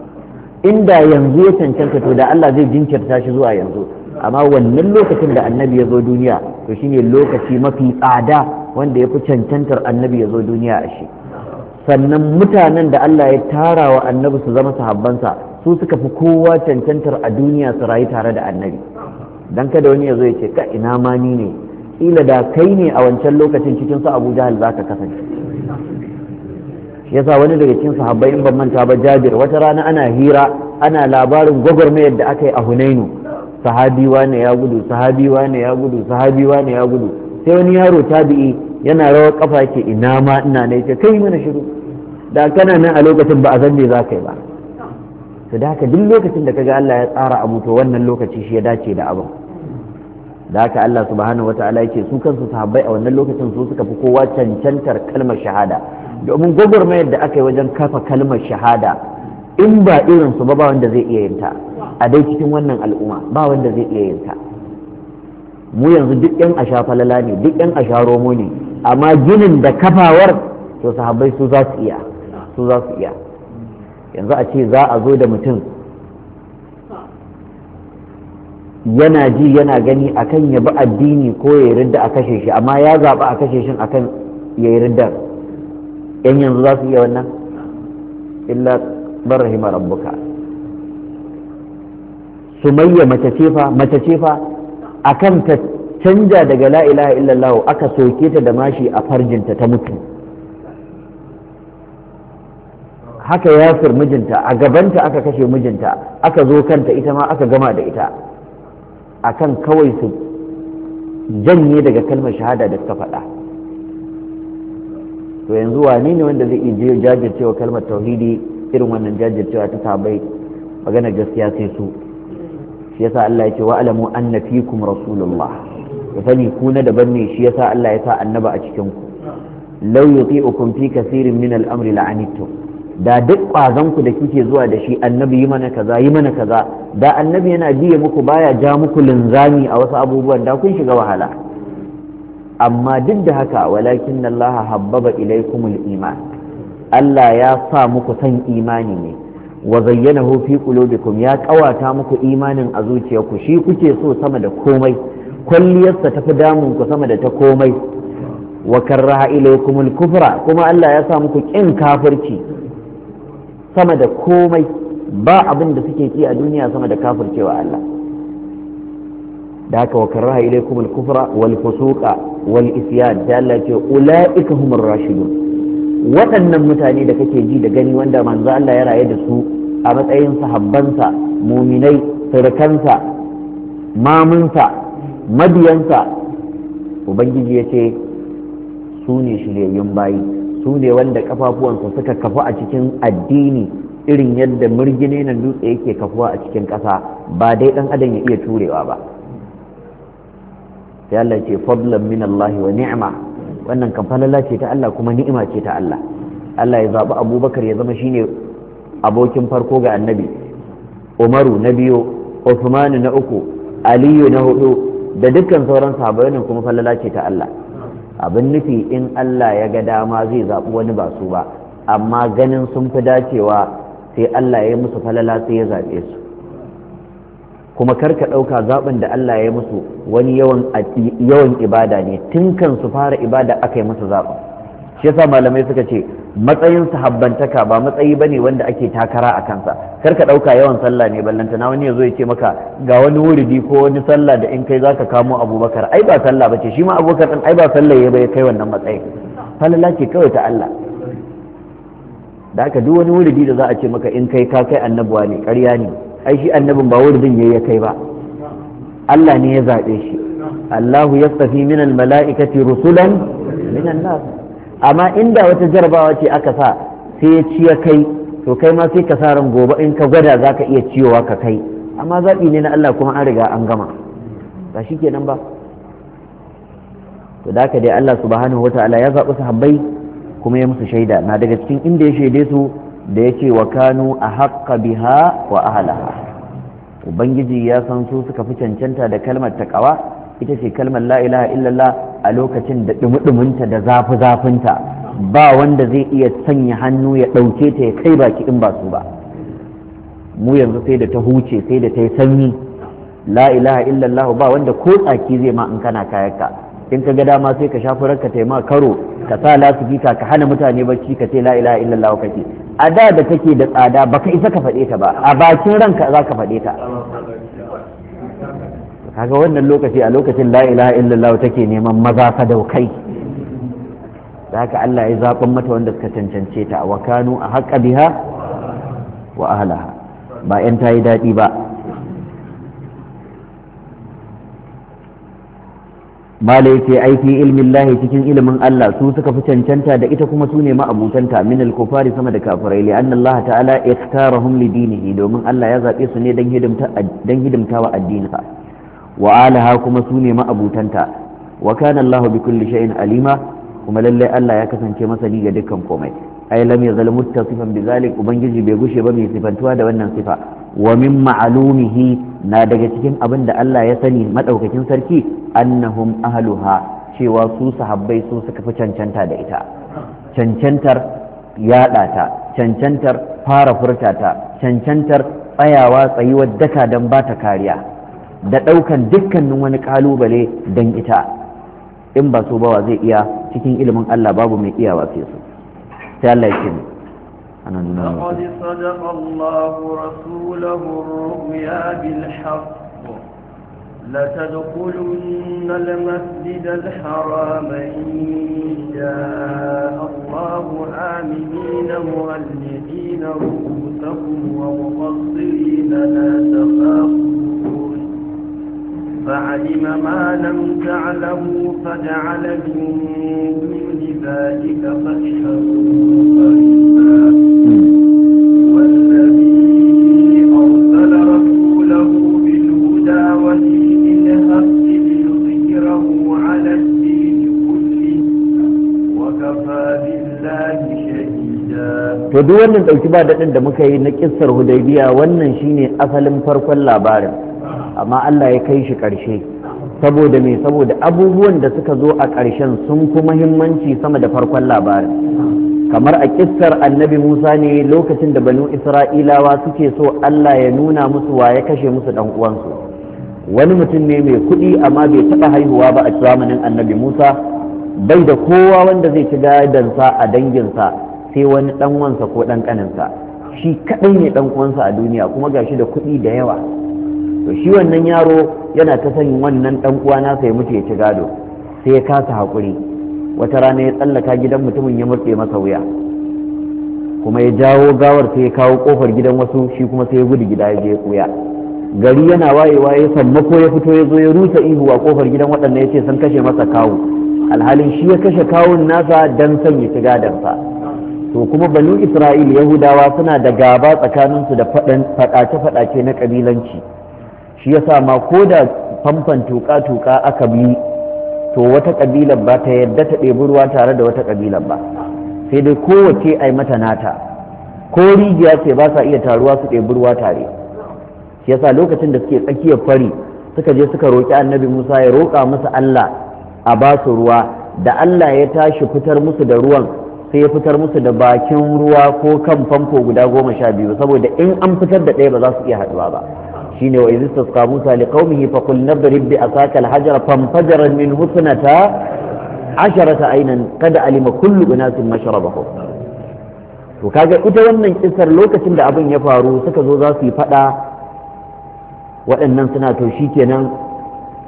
inda yanzu ya cancanta to da Allah zai jinkirta shi zuwa yanzu amma wannan lokacin da annabi ya zo duniya to shine lokaci mafi tsada wanda ya fi cancantar annabi ya zo duniya a shi sannan mutanen da Allah ya tara wa annabi su zama sahabbansa su suka fi kowa cancantar a duniya su rayu tare da annabi dan kada wani ya zo ya ce ka ina ma ni ne kila da kai ne a wancan lokacin cikin su abu jahal za ka kasance yasa wani daga cikin sahabbai in ban manta ba jabir wata rana ana hira ana labarin gwagwarmayar da aka yi a hunainu sahabi wane ya gudu sahabi wane ya gudu sahabi wane ya gudu sai wani yaro tabi'i yana rawar kafa yake ina ma ina ne ce kai mana shiru da kana nan a lokacin ba a san za ka yi ba to da haka duk lokacin da kaga Allah ya tsara abu to wannan lokaci shi ya dace da abin da haka Allah subhanahu wata'ala yake su kansu sahabbai a wannan lokacin su suka fi kowa cancantar kalmar shahada domin gwagwarmayar da aka yi wajen kafa kalmar shahada in ba irin su ba ba wanda zai iya yin ta a dai cikin wannan al'umma ba wanda zai iya yin ta mu yanzu duk yan asha ne duk yan asharomo romo ne amma ginin da kafawar to sahabbai su za su iya su za su iya yanzu a ce za a zo da mutum yana ji yana gani akan ya bi addini ko ya yarda a kashe shi amma ya zaɓi a kashe shi akan ya yarda yan yanzu za su iya wannan illa bar rahima rabbuka sumayya mace cefa mace ta canja daga la ilaha illallah aka soke ta da mashi a farjinta ta mutu haka yasir mijinta a gabanta aka kashe mijinta aka zo kanta ita ma aka gama da ita akan kawai su janye daga kalmar shahada da suka faɗa to yanzu wane ne wanda zai iya jajircewa kalmar tauhidi irin wannan jajircewa ta sabai magana gaskiya sai su shi yasa Allah ya ce wa alamu anna fikum rasulullah ku sani ku na daban ne shi yasa Allah ya sa annaba a cikin ku law yuti'ukum fi kaseerin min al-amri la'anittum da duk ƙwazanku da kike zuwa da shi annabi yi mana kaza yi mana kaza da annabi yana biye muku baya ja muku linzami a wasu abubuwan da kun shiga wahala amma duk da haka walakin Allah habbaba ilaikumul iman Allah ya sa muku san imani ne wa zayyanahu fi qulubikum ya kawata muku imanin a zuciyarku shi kuke so sama da komai kwalliyarsa tafi damun ku sama da ta komai wa karraha ilaikumul kufra kuma Allah ya sa muku kin kafirci sama da komai ba abin da suke ki a duniya sama da kafircewa Allah da haka wa karaha ilaykum al-kufra wal fusuqa wal isyan da Allah ce ulaika humur rashidun waɗannan mutane da kake ji da gani wanda manzo Allah ya raye da su a matsayin sahabbansa muminai surukansa mamunsa mabiyansa ubangiji ya ce su ne shiryayyun bayi su ne wanda kafafuwansa suka kafu a cikin addini irin yadda murgine nan dutse yake kafuwa a cikin ƙasa ba dai ɗan adam ya iya turewa ba sai Allah ce fadlan min Allah wa ni'ma wannan kan falala ce ta Allah kuma ni'ima ce ta Allah Allah ya zaɓi Abubakar ya zama shine abokin farko ga Annabi Umaru na biyu Uthman na uku Aliyu na hudu da dukkan sauran sahabbai kuma falala ce ta Allah abin nufi in Allah ya ga dama zai zaɓi wani ba su ba amma ganin sun fi dacewa sai Allah ya yi musu falala sai ya zaɓe su kuma karka ɗauka zaɓin da Allah ya yi musu wani yawan ibada ne tun kan su fara ibada aka yi musu zaɓin shi yasa malamai suka ce matsayin sahabbantaka ba matsayi bane wanda ake takara a kansa kar ka dauka yawan sallah ne ballanta na wani zo ya ce maka ga wani wuridi ko wani sallah da in kai zaka kamo Abubakar ai ba sallah bace shi ma Abubakar din ai ba sallah ya bai kai wannan matsayin falala ce kawai ta Allah da aka duk wani wuridi da za a ce maka in kai ka kai annabuwa ne ƙarya ne ai shi annabin ba wuridin yayi ya kai ba Allah ne ya zaɓe shi Allahu yastafi minal mala'ikati rusulan minan nas amma inda wata jarabawa ce aka sa sai ya ci kai to kai ma sai ka sa ran gobe in ka gwada za ka iya ciyowa ka kai amma zaɓi ne na Allah kuma an riga an gama ba shi kenan ba to da ka dai Allah subhanahu ta'ala ya zaɓi sahabbai kuma ya musu shaida na daga cikin inda ya shaide su da ya ce wa kanu a haƙƙa biha wa ahalaha ubangiji ya san su suka fi cancanta da kalmar taƙawa ita ce kalmar la ilaha illallah a lokacin da dumudumunta da zafi zafinta ba wanda zai iya sanya hannu ya ɗauke ta ya kai baki in ba su ba mu yanzu sai da ta huce sai da ta yi sanyi la ilaha illallah ba wanda ko tsaki zai ma in kana kayaka in ka ga dama sai ka shafi ranka ta ma karo ka sa lasifika ka hana mutane bacci ka ce la ilaha illallah kake a da da take da tsada baka isa ka faɗe ta ba a bakin ranka za ka faɗe ta kaga wannan lokaci a lokacin la ilaha illallah take neman maza sadaukai da haka Allah ya zaɓin mata wanda suka cancance ta wa kanu a haƙa biha wa ahalaha ba 'yan ta yi daɗi ba mala yake aiki ilmin lahi cikin ilimin Allah su suka fi cancanta da ita kuma su ne ma'abutanta min al-kufari sama da kafirai li anna Allah ta'ala ikhtarahum li dinihi domin Allah ya zaɓe su ne don hidimta wa addininsa wa alaha kuma su ne ma'abutanta wa kana Allah bi kulli shay'in alima kuma lalle Allah ya kasance masani ga dukkan komai ai lam yazal muttasifan bi zalik ubangiji bai gushe ba mai sifantuwa da wannan sifa wa min ma'lumihi na daga cikin abin da Allah ya sani madaukakin sarki annahum ahluha cewa su sahabbai su suka fi cancanta da ita cancantar yaɗa ta cancantar fara furta ta cancantar tsayawa tsayuwar daka don ba ta kariya da ɗaukan dukkanin wani ƙalubale don ita in ba so bawa zai iya cikin ilimin Allah babu mai iyawa sai su sai Allah yake ne ana nuna laqad sadaqa Allahu rasulahu ar-ru'ya bil haqq la tadkhulunna al-masjid al-haram in sha'a Allahu aminina mu'allidina ru'usakum wa muqassirina la taqulu فعلم ما لم تعلموا فجعل من دون ذلك فتحا to duk wannan dauki ba daɗin da muka yi na kissar hudaybiya wannan shine asalin farkon labarin amma Allah ya kai shi ƙarshe saboda me saboda abubuwan da suka zo a ƙarshen sun fi muhimmanci sama da farkon labarin kamar a kissar annabi Musa ne lokacin da banu Isra'ilawa suke so Allah ya nuna musu wa ya kashe musu dan uwansu wani mutum ne mai kuɗi amma bai taɓa haihuwa ba a zamanin annabi Musa bai da kowa wanda zai ci gadansa a danginsa sai wani ɗan wansa ko ɗan ƙaninsa shi kaɗai ne ɗan uwansa a duniya kuma gashi da kuɗi da yawa to shi wannan yaro yana ta sanin wannan dan uwa na sai mutu ya ci gado sai ya kasa hakuri wata rana ya tsallaka gidan mutumin ya murtse masa wuya kuma ya jawo gawar sai ya kawo kofar gidan wasu shi kuma sai ya gudu gida ya je kuya gari yana wayewa ya sammako ya fito ya zo ya rusa ihu a kofar gidan waɗanda ya ce sun kashe masa kawo alhalin shi ya kashe kawun nasa dan sanya ya ci gadansa to kuma banu isra'il yahudawa suna da gaba tsakaninsu da faɗace-faɗace na kabilanci. shi yasa ma ko da famfan tuka-tuka aka bi to wata ƙabilar ba ta yadda ta ɗebi ruwa tare da wata kabilar ba sai dai kowace ai mata nata ko rijiya ce ba sa iya taruwa su ɗebi ruwa tare shi yasa lokacin da suke tsakiyar fari suka je suka roƙi annabi musa ya roƙa musu allah a ba su ruwa da allah ya tashi fitar musu da ruwan sai ya fitar musu da bakin ruwa ko kan famfo guda goma sha biyu saboda in an fitar da ɗaya ba za su iya haɗuwa ba shine wa izis tasqa musa liqaumihi fa qul nadrib bi asaka alhajar fanfajara min husnata asharata aynan qad alima kullu unasin mashrabahum to kaga ita wannan kisar lokacin da abin ya faru suka zo za su yi fada waɗannan suna to kenan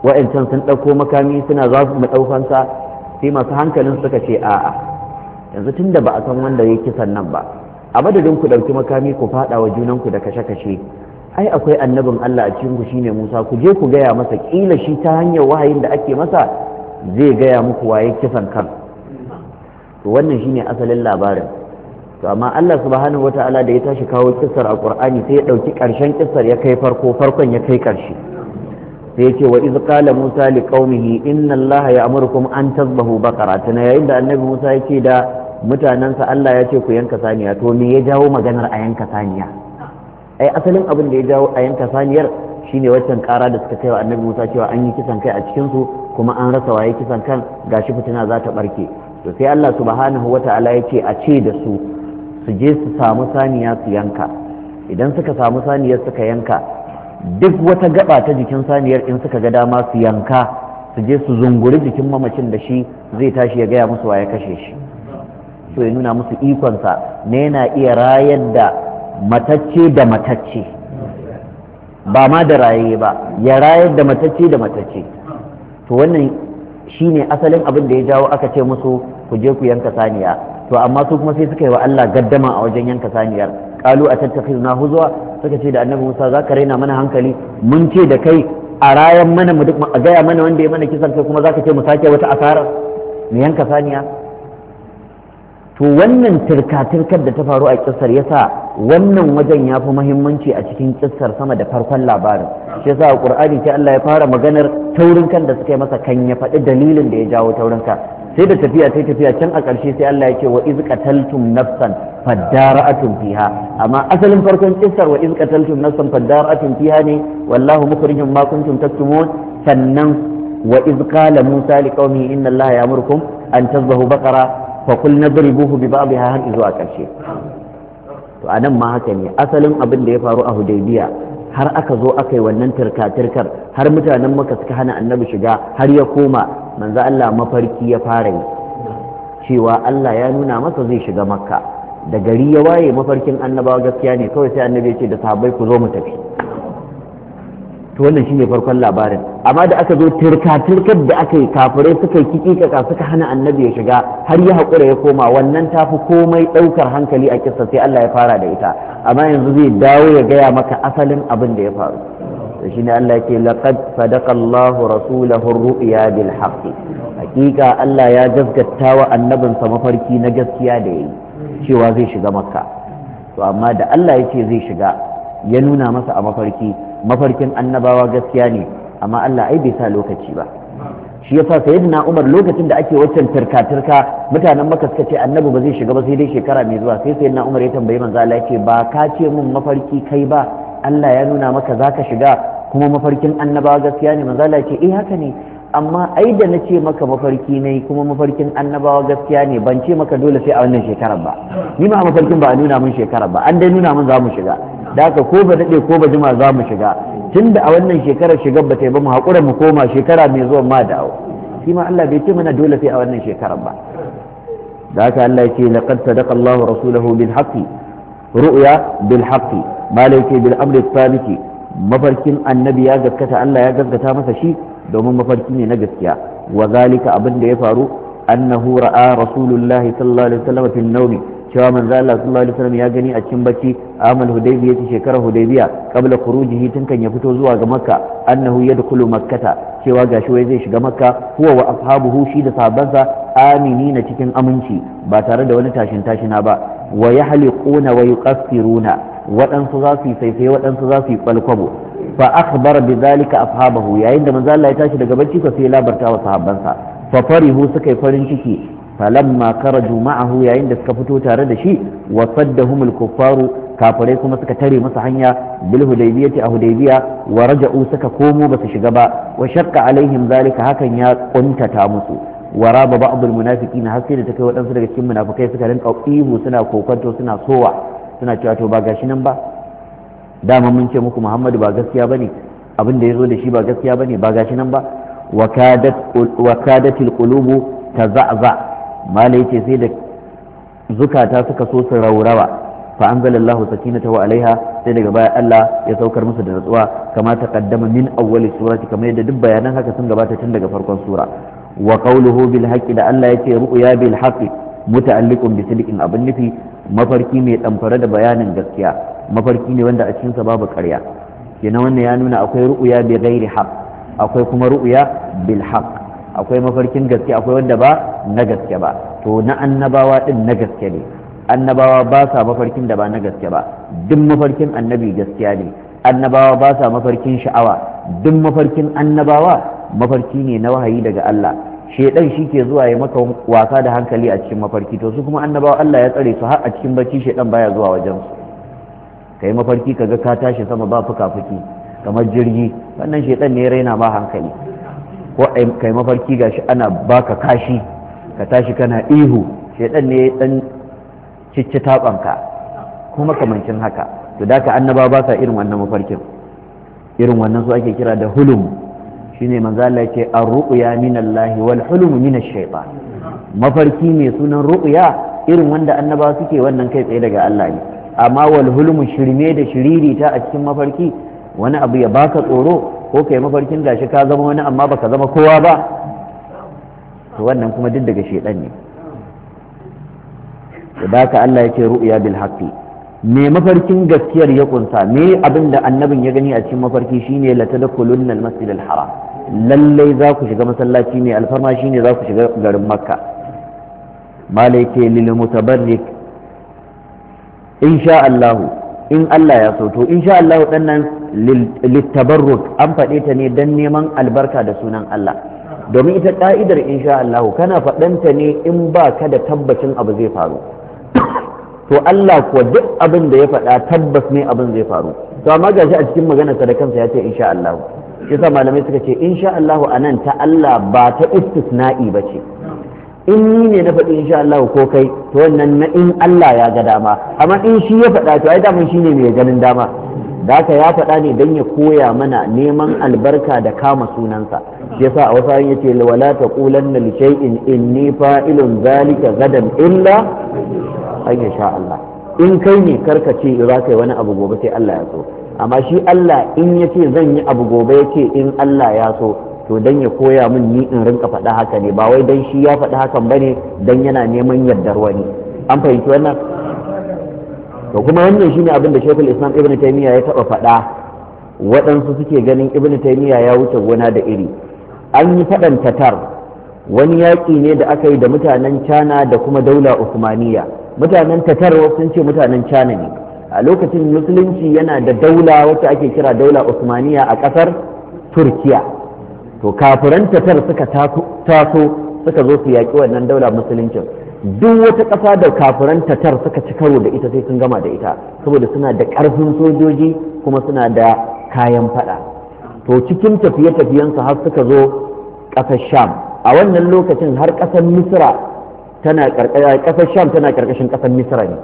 waɗancan sun ɗauko makami suna za su ɗaukansa sai masu hankalin suka ce a'a yanzu tunda ba a san wanda ya kisan nan ba a madadin ku ɗauki makami ku faɗa wa junanku da kashe-kashe ai akwai annabin Allah a cikin ku shine Musa ku je ku gaya masa kila shi ta hanyar wahayin da ake masa zai gaya muku waye kisan kan to wannan shine asalin labarin to amma Allah subhanahu wata'ala da ya tashi kawo kissar a Qur'ani sai ya dauki karshen kissar ya kai farko farkon ya kai karshe sai ya wa iz qala Musa li qaumihi inna Allah ya'murukum an tazbahu baqara tun yayin da annabi Musa yake da mutanansa Allah ya ce ku yanka saniya to me ya jawo maganar a yanka saniya ai asalin abin da ya jawo a yanka saniyar shine waccan kara da suka kai wa annabi Musa cewa an yi kisan kai a cikin su kuma an rasa waye kisan kan gashi fitina za ta barke to sai Allah subhanahu wata'ala ya ce a ce da su su je su samu saniya su yanka idan suka samu saniyar suka yanka duk wata gaba ta jikin saniyar in suka ga dama su yanka su je su zunguri jikin mamacin da shi zai tashi ya gaya musu waye kashe shi so ya nuna musu ikonsa ne yana iya rayar da matacce da matacce ba ma da raye ba ya rayar da matacce da matacce to wannan shine asalin abin da ya jawo aka ce musu ku je ku yanka saniya to amma su kuma sai suka yi wa Allah gaddama a wajen yanka saniyar kalu a na huzwa suka ce da annabi Musa za ka raina mana hankali mun ce da kai a rayan mana mu duk a gaya mana wanda ya mana kisan kai kuma za ka ce mu sake wata asara mu yanka saniya to wannan turka-turkar da ta faru a kisar yasa wannan wajen ya fi mahimmanci a cikin kissar sama da farkon labarin shi yasa qur'ani sai Allah ya fara maganar taurin kan da suka yi masa kan ya faɗi dalilin da ya jawo taurin kan sai da tafiya sai tafiya can a ƙarshe sai Allah ya ce wa iz qataltum nafsan fadara'atun fiha amma asalin farkon kissar wa iz qataltum nafsan fadara'atun fiha ne wallahu mukhrijum ma kuntum taktumun sannan وإذ قال موسى لقومه إن الله يأمركم أن تذبحوا بقرة فقلنا اضربوه ببعضها هل إذوا a شيء to a nan ma haka ne asalin abin da ya faru a hudaybiya har aka zo aka yi wannan turka-turkar har mutanen maka suka hana annabi shiga har ya koma manzo Allah mafarki ya fara yi cewa Allah ya nuna masa zai shiga makka da gari ya waye mafarkin annabawa gaskiya ne kawai sai annabi ya ce da sahabbai ku zo mu tafi to wannan shine farkon labarin amma da aka zo turka turkar da aka yi kafirai suka yi kikika suka hana annabi ya shiga har ya haƙura ya koma wannan tafi komai ɗaukar hankali a kisa sai Allah ya fara da ita amma yanzu zai dawo ya gaya maka asalin abin da ya faru to shi ne Allah yake laqad sadaqa Allahu rasulahu ru'ya bil haqq hakika Allah ya gaskata wa annabinsa mafarki na gaskiya da yayi cewa zai shiga makka to amma da Allah yake zai shiga ya nuna masa a mafarki mafarkin annabawa gaskiya ne amma Allah ai bai sa lokaci ba shi yasa na Umar lokacin da ake waccan turka-turka mutanen maka suka ce annabi ba zai shiga ba sai dai shekara mai zuwa sai sayyidina Umar ya tambayi manzo Allah yace ba ka ce mun mafarki kai ba Allah ya nuna maka zaka shiga kuma mafarkin annabawa gaskiya ne manzo Allah yace eh haka ne amma ai da na ce maka mafarki ne kuma mafarkin annabawa gaskiya ne ban ce maka dole sai a wannan shekarar ba ni ma mafarkin ba a nuna mun shekarar ba an dai nuna mun za mu shiga da haka ko ba daɗe ko ba jima za mu shiga tunda a wannan shekarar shigar ba ta yi ba mu haƙura mu koma shekara mai zuwa ma dawo shi ma Allah bai ce mana dole sai a wannan shekarar ba da haka Allah ya ce laqad sadaqa Allahu rasulahu bil haqqi ru'ya bil haqqi malaike bil amri sabiti mafarkin annabi ya gaskata Allah ya gaskata masa shi domin mafarki ne na gaskiya wa zalika abin da ya faru annahu ra'a rasulullahi sallallahu alaihi wasallam fil nawmi cewa manzo Allah sallallahu alaihi wasallam ya gani a cikin bacci amal hudaybiya ce shekarar hudaybiya qabla khurujihi tun kan ya fito zuwa ga makka annahu yadkhulu makkata cewa gashi wai zai shiga makka huwa wa ashabuhu shi da sahabbansa aminina cikin aminci ba tare da wani tashin tashina ba wa yahliquna wa yuqaffiruna waɗansu za su yi saifai, waɗansu za su yi kwalkwabo fa akhbar bi zalika ashabahu yayin da manzo Allah ya tashi daga bacci ko sai labarta wa sahabbansa fa farihu suka yi farin ciki falamma karaju ma'ahu yayin da suka fito tare da shi da humul kuffaru kafarai kuma suka tare masa hanya bil hudaybiyati a hudaybiya wa raja'u suka komo basu shiga ba wa shaqqa alaihim zalika hakan ya kuntata musu wa ba ba'dul munafiqin har sai da ta kai waɗansu daga cikin munafikai suka rinka ihu suna kokonto suna sowa suna ba gashi nan ba mun ce muku muhammadu ba gaskiya bane abin da ya zo da shi ba gaskiya bane ba gashi nan ba wa kadatil qulubu taza'za mala yace sai da zukata suka so su raurawa fa anzalallahu sakinatahu alaiha sai daga baya Allah ya saukar musu da natsuwa kama taqaddama min awwali surati kamar yadda duk bayanan haka sun gabata tun daga farkon sura wa qawluhu bil haqqi da Allah yace ru'ya bil haqqi muta'alliqun bi sidqin abin nufi mafarki mai damfare da bayanin gaskiya mafarki ne wanda a cikin sa babu ƙarya kenan wannan ya nuna akwai ru'ya bi ghairi haqq akwai kuma ru'ya bil haqq akwai mafarkin gaskiya akwai wanda ba na gaske ba to na annabawa din na gaske ne annabawa ba sa mafarkin da ba na gaske ba duk mafarkin annabi gaskiya ne annabawa ba sa mafarkin sha'awa duk mafarkin annabawa mafarki ne na wahayi daga Allah shedan shi ke zuwa ya maka wasa da hankali a cikin mafarki to su kuma annabawa Allah ya tsare su har a cikin bacci shedan baya zuwa wajen su kai mafarki kaga ka tashi sama ba fuka-fuki kamar jirgi wannan shedan ne ya raina ma hankali ko kai mafarki gashi ana baka kashi ka tashi kana ihu shaidan ne ya dan cicci tabanka kuma kamancin haka to da ka annaba ba sa irin wannan mafarkin irin wannan su ake kira da hulum shine manzo Allah yake ar-ru'ya wal hulum min shaytan mafarki ne sunan ru'ya irin wanda annaba suke wannan kai tsaye daga Allah ne amma wal hulum shirme da shiririta a cikin mafarki wani abu ya baka tsoro ko kai mafarkin gashi ka zama wani amma baka zama kowa ba to wannan kuma duk daga shaidan ne da ka Allah ya ce ru'ya bil haqqi me mafarkin gaskiyar ya kunsa me abin da annabin ya gani a cikin mafarki shine la tadkhulunna al masjid al haram lallai za ku shiga masallaci ne alfarma shine za ku shiga garin makka malai lil mutabarrik insha Allah in Allah ya so to insha Allah dan nan tabarruk an faɗe ta ne dan neman albarka da sunan Allah domin ita ka'idar insha Allah kana faɗanta ne in ba ka da tabbacin abu zai faru to Allah kuwa duk abin da ya faɗa tabbas ne abin zai faru to amma gashi a cikin maganar sa da kansa ya ce insha Allah yasa malamai suka ce insha Allah nan ta Allah ba ta istisna'i ba ce in ni ne na faɗi insha Allah ko kai to wannan na in Allah ya ga dama amma in shi ya faɗa to ai daman shi ne mai ganin dama da ka ya faɗa ne don ya koya mana neman albarka da kama sunansa shi yasa a wasu hanyar ce wala ta kulanna li shay'in inni fa'ilun zalika gadan illa an sha Allah in kai ne karka ce za kai wani abu gobe sai Allah ya so amma shi Allah in ya ce zan yi abu gobe ya ce in Allah ya so to dan ya koya min ni in rinka faɗa haka ne ba wai dan shi ya faɗi hakan ba ne dan yana neman yardar wani an fahimci wannan to kuma wannan shine abin da Sheikhul Islam Ibn Taymiyyah ya taɓa faɗa waɗansu suke ganin Ibn Taymiyyah ya wuce gona da iri an yi faɗan tatar wani yaƙi ne da aka yi da mutanen cana da kuma daula usmaniya mutanen tatar sun ce mutanen cana ne a lokacin musulunci yana da daula wacce ake kira daula usmaniya a ƙasar turkiya to kafiran tatar suka taso suka zo su yaƙi wannan daula musuluncin duk wata ƙasa da kafiran tatar suka ci karo da ita sai sun gama da ita saboda suna da ƙarfin sojoji kuma suna da kayan faɗa to cikin tafiye-tafiyensu har suka zo ƙasar sham a wannan lokacin har ƙasar misra tana eh, ƙasar sham tana ƙarƙashin ƙasar misra ne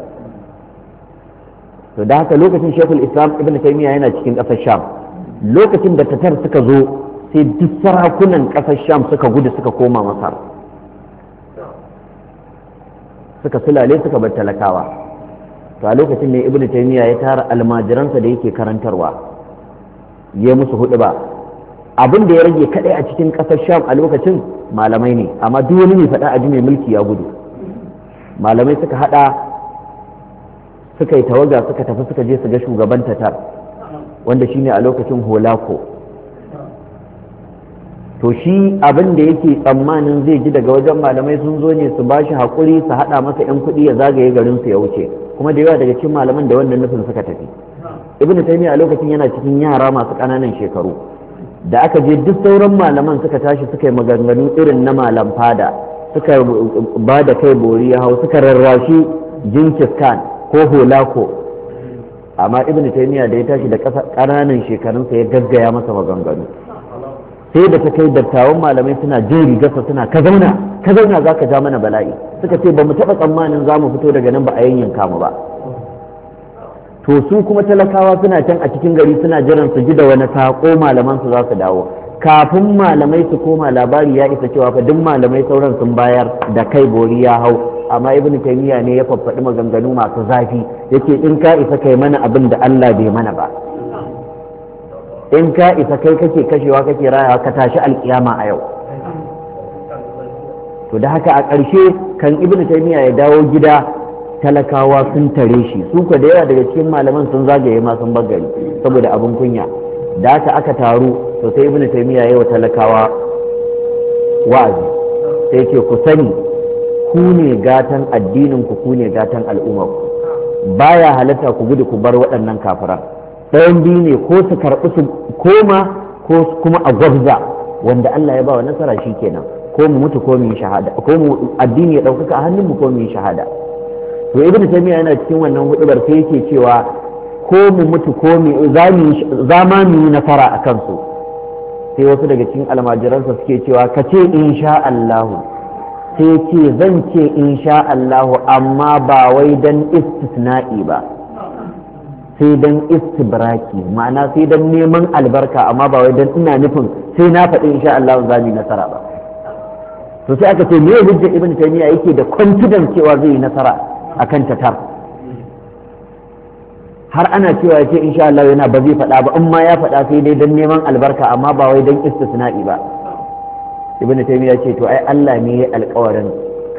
to da haka lokacin shekul islam ibn taymiya yana cikin ƙasar sham lokacin da tatar suka zo sai duk sarakunan ƙasar sham suka gudu suka koma masar suka sulale suka bar talakawa to a lokacin ne ibn taymiya ya tara almajiransa da yake karantarwa ya musu hudu ba abin da ya rage kadai a cikin kasar sham a lokacin malamai ne amma duk wani mai faɗa aji mai mulki ya gudu malamai suka hada suka yi tawaga suka tafi suka je su ga shugaban tatar wanda shine a lokacin holako to shi abin da yake tsammanin zai ji daga wajen malamai sun zo ne su ba shi hakuri su haɗa masa 'yan kuɗi ya zagaye garin su ya wuce kuma da yawa daga cikin malaman da wannan nufin suka tafi ibn taymiya a lokacin yana cikin yara masu ƙananan shekaru da aka je duk sauran malaman suka tashi suka yi maganganu irin na malam fada suka ba da kai bori ya hau suka rarrashi jinkis khan ko holako amma ibn taymiya da ya tashi da ƙananan shekarunsa ya gaggaya masa maganganu sai da ta kai dattawan malamai suna jin rigarsa suna ka zauna ka zauna za ka ja mana bala'i suka ce ba mu taɓa tsammanin za mu fito daga nan ba a yanyanka mu ba to su kuma talakawa suna can a cikin gari suna jiran su ji da wani saƙo malaman su za su dawo kafin malamai su koma labari ya isa cewa fa duk malamai sauran sun bayar da kai bori ya hau amma ibn taymiya ne ya faffaɗi maganganu masu zafi yake in ka isa kai mana abin da Allah bai mana ba in ka isa kai kake kashewa kake rayawa ka tashi alkiyama a yau to da haka a ƙarshe kan ibn taymiya ya dawo gida talakawa sun tare shi su ka da yawa daga cikin malaman sun zagaye ma sun gari saboda abin kunya da haka aka taru to sai ibnu taymiya wa talakawa wa'azi sai ce ku sani ku ne gatan addinin ku ku ne gatan al'umma ku baya halatta ku gudu ku bar waɗannan kafiran ɗayan biyu ne ko su karɓi su koma ko kuma a gwabza wanda Allah ya ba wa nasara shi kenan ko mu mutu ko mu yi shahada ko mu addini ya ɗaukaka a hannun mu ko mu yi shahada to ibn taymiya yana cikin wannan hudubar sai yake cewa ko mu mutu ko mu za ma mu yi nasara a kansu sai wasu daga cikin almajiransa suke cewa ka ce insha Allahu sai ce zan ce insha Allahu amma ba wai dan istisna'i ba sai dan istibraki ma'ana sai dan neman albarka amma ba wai dan ina nufin sai na faɗi insha Allahu za mu yi nasara ba to sai aka ce me hujjar ibn taymiya yake da confidence cewa zai yi nasara akan tatar har ana cewa ce insha Allah yana ba zai faɗa ba in ma ya faɗa sai dai don neman albarka amma ba wai don istisna'i ba ibnu taymiya ce to ai Allah ne ya alƙawarin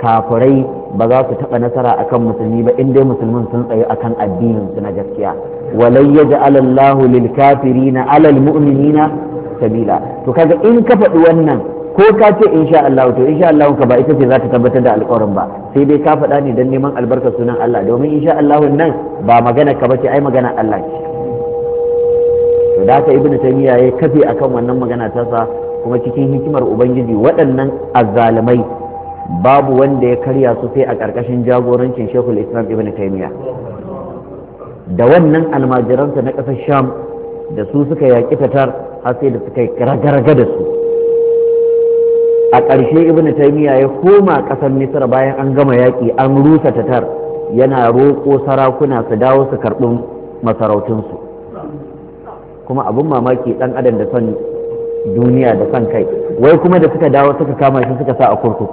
kafirai ba za su taɓa nasara akan musulmi ba in dai musulmin sun tsaye akan addinin su na gaskiya walai yaj'al Allahu lil kafirina alal mu'minina sabila to kaga in ka faɗi wannan ko ka ce in sha Allah to in sha Allah ka ba ita ce za ta tabbatar da alƙawarin ba sai dai ka faɗa ne dan neman albarkar sunan Allah domin in sha Allah nan ba magana ka bace ai magana Allah ce to da ka ibnu taymiya ya kafe akan wannan magana ta sa kuma cikin hikimar ubangiji waɗannan azzalumai babu wanda ya karya su sai a ƙarƙashin jagorancin Sheikhul Islam Ibn Taymiya da wannan almajiransa na ƙasar Sham da su suka yaƙi tatar har sai da suka yi raga da su a ƙarshe ibn taymiya ya koma ƙasar misar bayan an gama yaƙi an rusa tatar yana roƙo sarakuna su dawo su karɓi masarautunsu kuma abin mamaki ɗan adam da son duniya da son kai wai kuma da suka dawo suka kama shi suka sa a kurkuku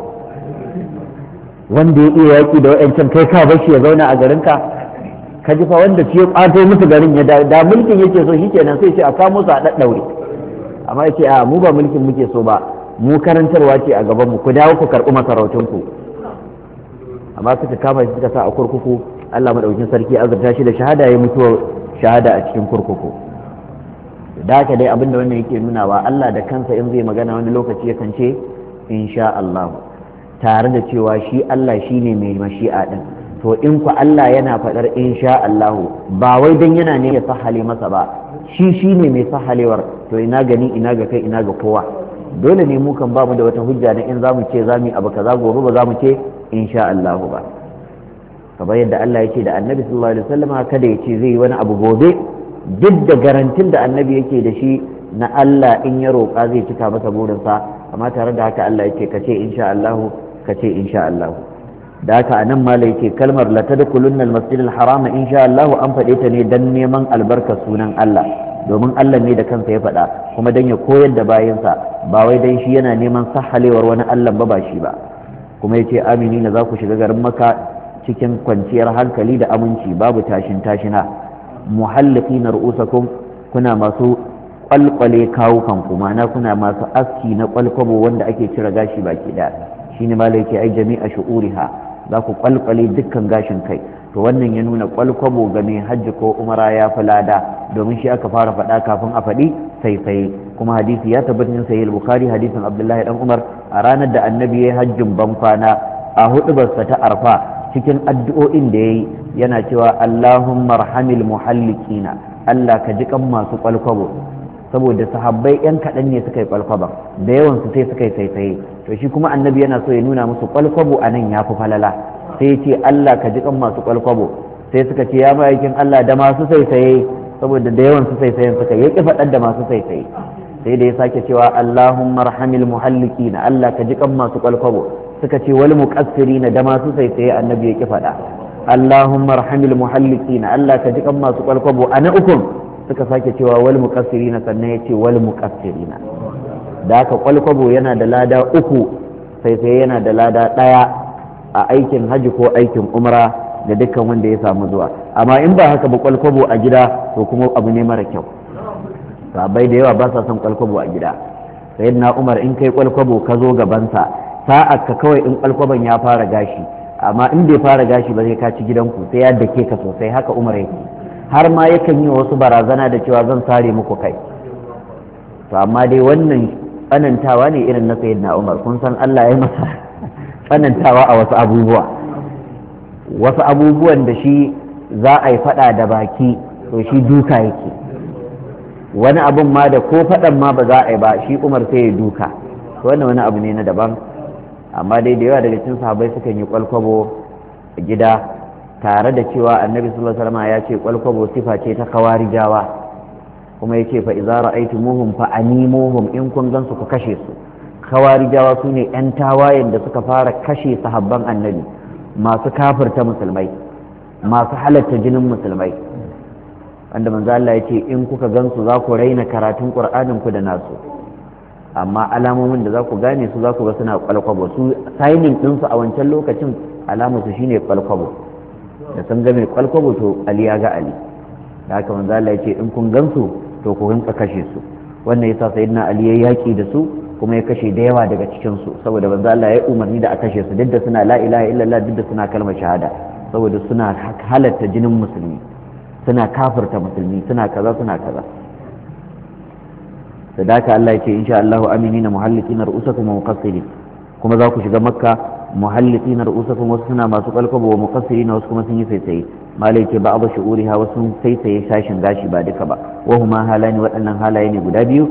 wanda ya iya yaƙi da wa'ancan kai ka bashi ya zauna a garinka ka ji fa wanda ce ƙwato musu garin ya da mulkin yake so shi kenan sai ce a kamo su a ɗaɗɗaure amma ya ce a mu ba mulkin muke so ba mu karantarwa ce a gaban mu ku dawo ku karɓi masarautun ku amma suka kama shi suka sa a kurkuku Allah madaukin sarki azurta shi da shahada ya mutuwa shahada a cikin kurkuku da ka dai abinda wannan yake nuna wa Allah da kansa in zai magana wani lokaci ya kance insha Allah tare da cewa shi Allah shine mai mashi'a din to in ku Allah yana faɗar insha Allah ba wai dan yana ne ya sahale masa ba shi shine mai sahalewar to ina gani ina ga kai ina ga kowa dole ne mukan ba mu da wata hujja da in zamu ce zamu abu kaza gobe ba zamu ce insha Allah ba kamar yadda Allah yake da Annabi sallallahu alaihi wasallam kada ya ce zai yi wani abu gobe duk da garantin da Annabi yake da shi na Allah in ya roƙa zai cika masa burinsa amma tare da haka Allah yake kace insha Allah kace insha Allah da haka anan mala yake kalmar la tadkhulunna al-masjid insha Allah an faɗe ta ne dan neman albarkar sunan Allah domin Allah ne da kansa ya faɗa kuma don ya koyar da bayansa ba wai don shi yana neman sahalewar wani Allah ba ba shi ba kuma ce amini na za ku shiga garin maka cikin kwanciyar hankali da aminci babu tashin tashina muhallafi na ru'usakun kuna masu kwalkwale kawukan ku ma'ana kuna masu aski na kwalkwabo wanda ake cire gashi baki daya shine malai yake ai jami'a shu'uriha za ku kwalkwale dukkan gashin kai to wannan ya nuna kwalkwabo ga mai hajji ko umara ya fi lada domin shi aka fara faɗa kafin a faɗi saisaye kuma hadisi ya tabbatin sayi bukhari hadisin abdullahi dan umar a ranar da annabi ya hajjin ban kwana a hudubarsa ta arfa cikin addu'o'in da yayi yana cewa allahumma rahamil muhallikina allah ka ji kan masu kwalkwabo saboda sahabbai yan kaɗan ne suka yi kwalkwaba da yawan su sai suka yi saifaye to shi kuma annabi yana so ya nuna musu kwalkwabo a nan ya fi falala sai ce Allah ka jiƙan masu kwalkwabo sai suka ce ya ma'aikin Allah da masu saisaye saboda da yawan su saisayen suka ya ki faɗar da masu saisaye sai da ya sake cewa Allahumma rahamil na Allah ka jiƙan masu kwalkwabo suka ce wal muqassirina da masu saisaye annabi ya ki faɗa Allahumma rahamil na Allah ka jiƙan masu masu kwalkwabo ana ukun suka sake cewa wal muqassirina sannan ya ce wal muqassirina da haka kwalkwabo yana da lada uku sai yana da lada ɗaya a aikin haji ko aikin umra da dukkan wanda ya samu zuwa amma in ba haka ba kwalkwabo a gida to kuma abu ne mara kyau sabai da yawa ba sa son kwalkwabo a gida sai na umar in kai kwalkwabo ka zo gabansa sa'a ka kawai in kwalkwaban ya fara gashi amma in bai fara gashi ba zai kaci gidanku sai ya dake ka sosai haka umar yake har ma yakan yi wasu barazana da cewa zan sare muku kai to amma dai wannan tsanantawa ne irin na sayyidina umar kun san allah ya masa tsanantawa a wasu abubuwa wasu abubuwan da shi za a yi fada da baki to shi duka yake wani abun ma da ko fadan ma ba za a yi ba shi umar sai ya duka wannan wani abu ne na daban amma dai da yawa daga cikin sahabbai suka yi kwalkwabo a gida tare da cewa annabi sallallahu alaihi wasallam ya ce kwalkwabo sifa ce ta kawarijawa kuma yace fa idza ra'aytumuhum fa animuhum in kun gansu ku kashe su kawarijawa su ne 'yan tawayen da suka fara kashe sahabban annabi masu kafirta musulmai masu halatta jinin musulmai wanda manzo ya ce in kuka gansu za ku raina karatun qur'anin ku da nasu amma alamomin da za ku gane su za ku ga suna kwalkwabo su signing ɗinsu a wancan lokacin alamu su shine kwalkwabo da sun ga mai kwalkwabo to ali ya ga ali da haka manzo ya ce in kun gansu to ku rinka kashe su wannan yasa sayyidina ali ya yaki da su kuma ya kashe da yawa daga cikinsu saboda banza Allah ya umarni da a kashe su duk da suna la ilaha illallah duk da suna kalmar shahada saboda suna halatta jinin musulmi suna kafirta musulmi suna kaza suna kaza sadaka Allah ya ce insha Allah aminina muhalliqina ru'usakum wa muqassirin kuma za ku shiga makka muhalliqina ru'usakum wasu suna masu kalkabo wa muqassirin wasu kuma sun yi tsaitsaye malai ce ba abu hawa sun saisaye sashin gashi ba duka ba wahuma halani waɗannan halaye ne guda biyu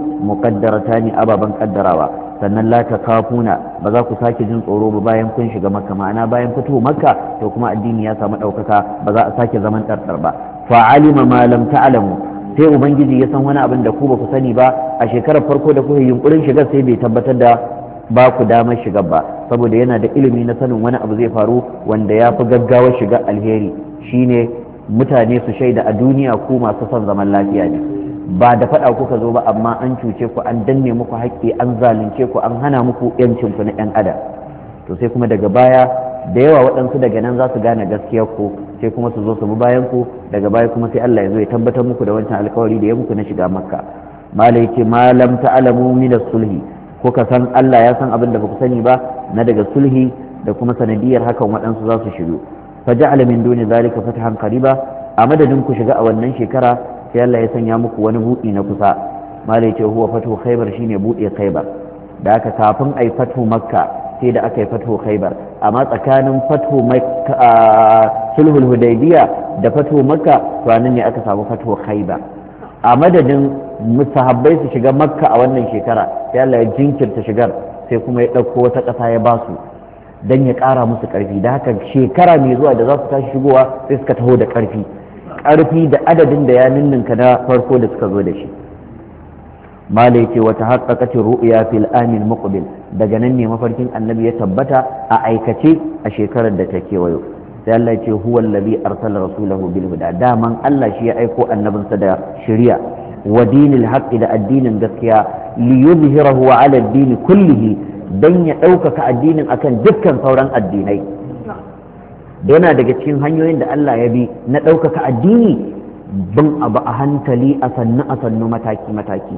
ta ne ababen kaddarawa sannan la ta kafuna ba za ku sake jin tsoro ba bayan kun shiga makka ma'ana bayan fito makka to kuma addini ya samu ɗaukaka ba za a sake zaman ɗarɗar ba fa'alima ma lam ta'lamu sai ubangiji ya san wani abin da ku ba ku sani ba a shekarar farko da kuka yunkurin shiga sai bai tabbatar da ba ku damar shiga ba saboda yana da ilimi na sanin wani abu zai faru wanda ya fi gaggawa shiga alheri shine mutane su shaida a duniya ku masu son zaman lafiya ne ba da faɗa kuka zo ba amma an cuce ku an danne muku haƙƙi an zalunce ku an hana muku yancin ku na yan adam to sai kuma daga baya da yawa waɗansu daga nan za su gane gaskiyar ku sai kuma su zo su bi bayan ku daga baya kuma sai Allah ya zo ya tabbatar muku da wancan alkawari da ya muku na shiga makka mala yake malam ta'lamu min sulhi kuka san Allah ya san abin da ba ku sani ba na daga sulhi da kuma sanadiyar hakan waɗansu za su shigo. faja'ala min duni zalika fatahan qariba a madadin ku shiga a wannan shekara sai Allah ya sanya muku wani buɗi na kusa malai ce huwa fatu khaybar shine buɗe khaybar da aka kafin ai fatu makka sai da aka yi fatu khaybar amma tsakanin fatu makka sulhul hudaybiya da fatu makka to anan ne aka samu fatu khaybar a madadin musahabbai su shiga makka a wannan shekara sai Allah ya jinkirta shigar sai kuma ya ɗauko wata ƙasa ya basu don ya ƙara musu ƙarfi da haka shekara mai zuwa da za su tashi shigowa sai suka taho da ƙarfi ƙarfi da adadin da ya ninninka na farko da suka zo da shi mala ce wata haƙaƙacin ru'uya fil amin muqbil daga nan ne mafarkin annabi ya tabbata a aikace a shekarar da ta kewayo sai Allah ce huwa allazi arsala rasulahu bil huda daman Allah shi ya aiko annabinsa da shari'a wa dinil haqqi da addinin gaskiya li yuzhirahu ala ad-din kullihi don ya ɗaukaka addinin akan dukkan sauran addinai yana daga cikin hanyoyin da Allah ya bi na ɗaukaka addini bin abu a hankali a sannu a sannu mataki mataki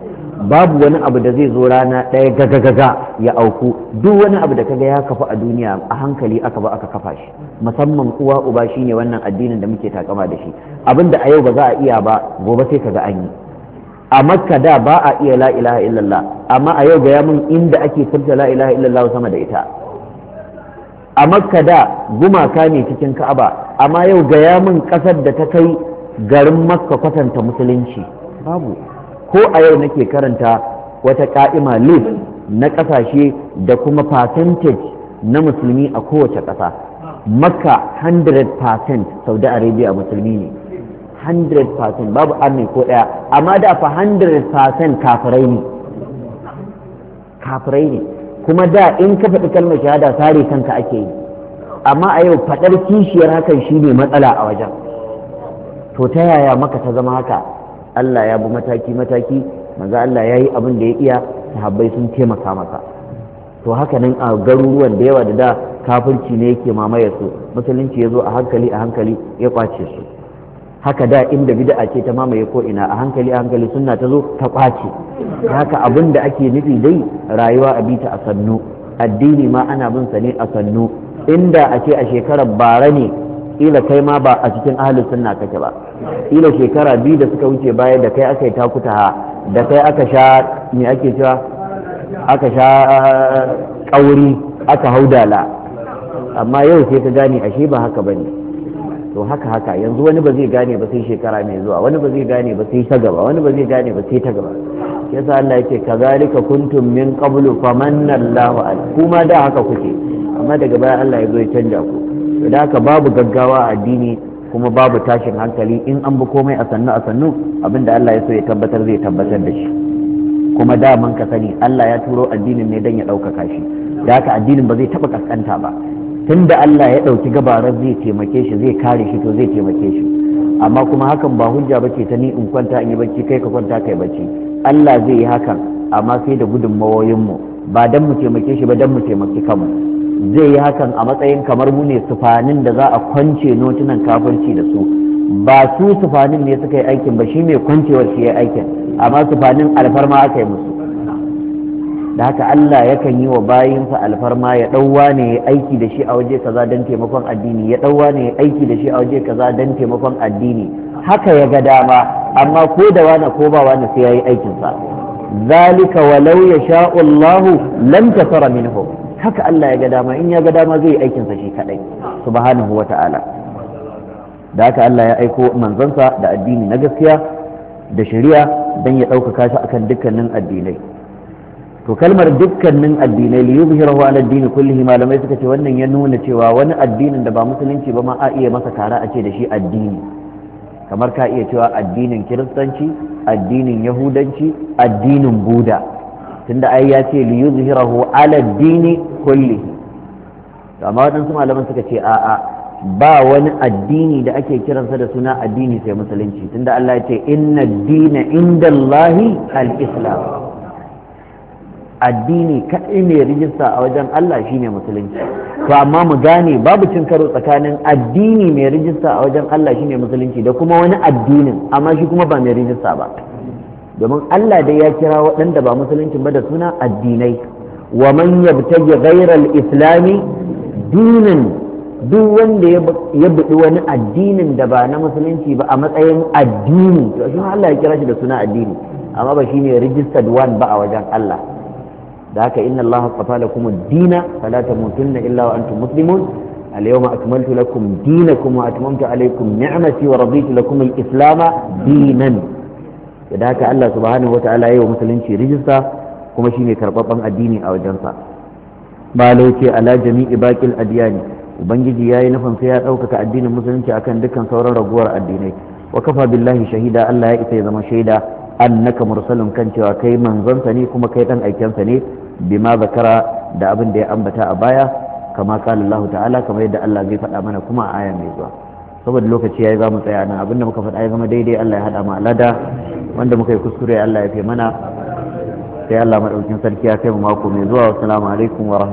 babu wani abu da zai zo rana ɗaya gaga-gaga ya auku duk wani abu da kaga ya kafa a duniya a hankali aka aka kafa shi musamman uwa uba shine wannan addinin da muke takama da shi Abin da a yau ba za a iya ba gobe sai kaga an yi a makka da ba a iya la ilaha illallah amma a yau gaya mun inda ake furta la ilaha illallah sama da ita a makka da gumaka ne cikin ka'aba amma yau gaya mun kasar da ta kai garin makka kwatanta musulunci babu ko a yau nake karanta wata ka'ima lif na kasashe da kuma percentage na musulmi a kowace ƙasa makka 100% saudi arabia musulmi ne 100% babu arni ko ɗaya amma da fa 100% kafirai ne kafirai ne kuma da in ka faɗi kalmar shahada sare kanka ake yi amma a yau faɗar kishiyar hakan shi ne matsala a wajen to ta yaya maka ta zama haka Allah ya bi mataki mataki manzo Allah ya yi abin da ya iya sahabbai sun taimaka maka to haka nan a garuruwan da yawa da da kafirci ne yake mamaye su musulunci ya zo a hankali a hankali ya kwace su haka da inda bid'a ce ta mamaye ko ina a hankali a hankali sunna ta zo ta kwace haka abin da ake nufi dai rayuwa a bita a sannu addini ma ana bin sa ne a sannu inda a ce a shekarar bara ne ila kai ma ba a cikin ahli sunna kake ba ila shekara biyu da suka wuce baya da kai aka yi takuta da kai aka sha me ake cewa aka sha kauri ah, aka haudala amma yau sai ka gane ashe ba haka bane to haka haka yanzu wani ba zai gane ba sai shekara mai zuwa wani ba zai gane ba sai ta gaba wani ba zai gane ba sai ta gaba yasa Allah yake kazalika kuntum min qablu famanna Allahu kuma da haka kuke amma daga baya Allah ya zo ya canja ku to da haka babu gaggawa a addini kuma babu tashin hankali in an bi komai a sannu a sannu abinda Allah ya so ya tabbatar zai tabbatar da shi kuma da man ka sani Allah ya turo addinin ne dan ya ɗaukaka shi da haka addinin ba zai taɓa kaskanta ba Tun da Allah ya ɗauki gabarar zai taimake shi zai kare shi to zai taimake shi amma kuma hakan ba hujja bace ta ni in kwanta in yi bacci kai ka kwanta kai bacci Allah zai yi hakan amma sai da gudun mawoyinmu ba dan mu taimake shi ba dan mu taimaki kanmu zai yi hakan a matsayin kamar mu ne sufanin da za a kwance notunan kafirci da su ba su sufanin ne suka yi aikin ba shi mai kwancewar shi ya aikin amma sufanin alfarma aka yi musu da haka Allah yakan yi wa bayinsa alfarma ya ɗauwa ne ya aiki da shi a waje kaza don taimakon addini ya ɗauwa ne ya aiki da shi a waje kaza don taimakon addini haka ya ga dama amma ko da wani ko ba wani sai ya yi aikinsa zalika walau ya sha'u Allahu lam tasara minhu haka Allah ya ga dama in ya ga dama zai yi aikinsa shi kadai subhanahu wata'ala da haka Allah ya aiko manzansa da addini na gaskiya da shari'a don ya ɗaukaka shi akan dukkanin addinai to kalmar dukkanin addinai li yuzhirahu ala addini kullihi malamai suka ce wannan ya nuna cewa wani addinin da ba musulunci ba ma a iya masa kara a ce da shi addini kamar ka iya cewa addinin kiristanci addinin yahudanci addinin buda tunda ai ya ce li yuzhirahu ala addini kullihi to amma waɗansu malaman suka ce a'a ba wani addini da ake kiransa da suna addini sai musulunci tunda Allah ya ce inna dina indallahi al-islam addini kaɗai ne rijista a wajen Allah shine musulunci to amma mu gane babu cin karo tsakanin addini mai rijista a wajen Allah shine musulunci da kuma wani addinin amma shi kuma ba mai rijista ba domin Allah dai ya kira waɗanda ba musulunci ba da suna addinai wa man yabtaji ghairal islami dinin duk wanda ya buɗi wani addinin da ba na musulunci ba a matsayin addini to shi Allah ya kira shi da suna addini amma ba shine registered one ba a wajen Allah da haka inna allaha astafa lakum ad-dina fala tamutunna illa wa antum muslimun al-yawma akmaltu lakum wa atmamtu alaykum ni'mati wa raditu lakum dinan da haka Allah subhanahu wa ta'ala yayi wa musulunci rijista kuma shine karbabban addini a wajensa balo ce ala jami'i baqil adiyani ubangiji yayi nufin sai ya ɗaukaka addinin musulunci akan dukkan sauran raguwar addinai wa kafa shahida Allah ya isa ya zama shaida annaka mursalun kan cewa kai manzonsa ne kuma kai dan aikensa ne bima zakara da abin da ya ambata a baya kama kala Allah ta'ala kamar yadda Allah zai faɗa mana kuma a aya mai zuwa saboda lokaci yayi za mu tsaya nan abin da muka faɗa ya zama daidai Allah ya haɗa mu alada wanda muka yi kuskure Allah ya fi mana sai Allah maɗaukin sarki ya kai mu mako mai zuwa assalamu alaikum wa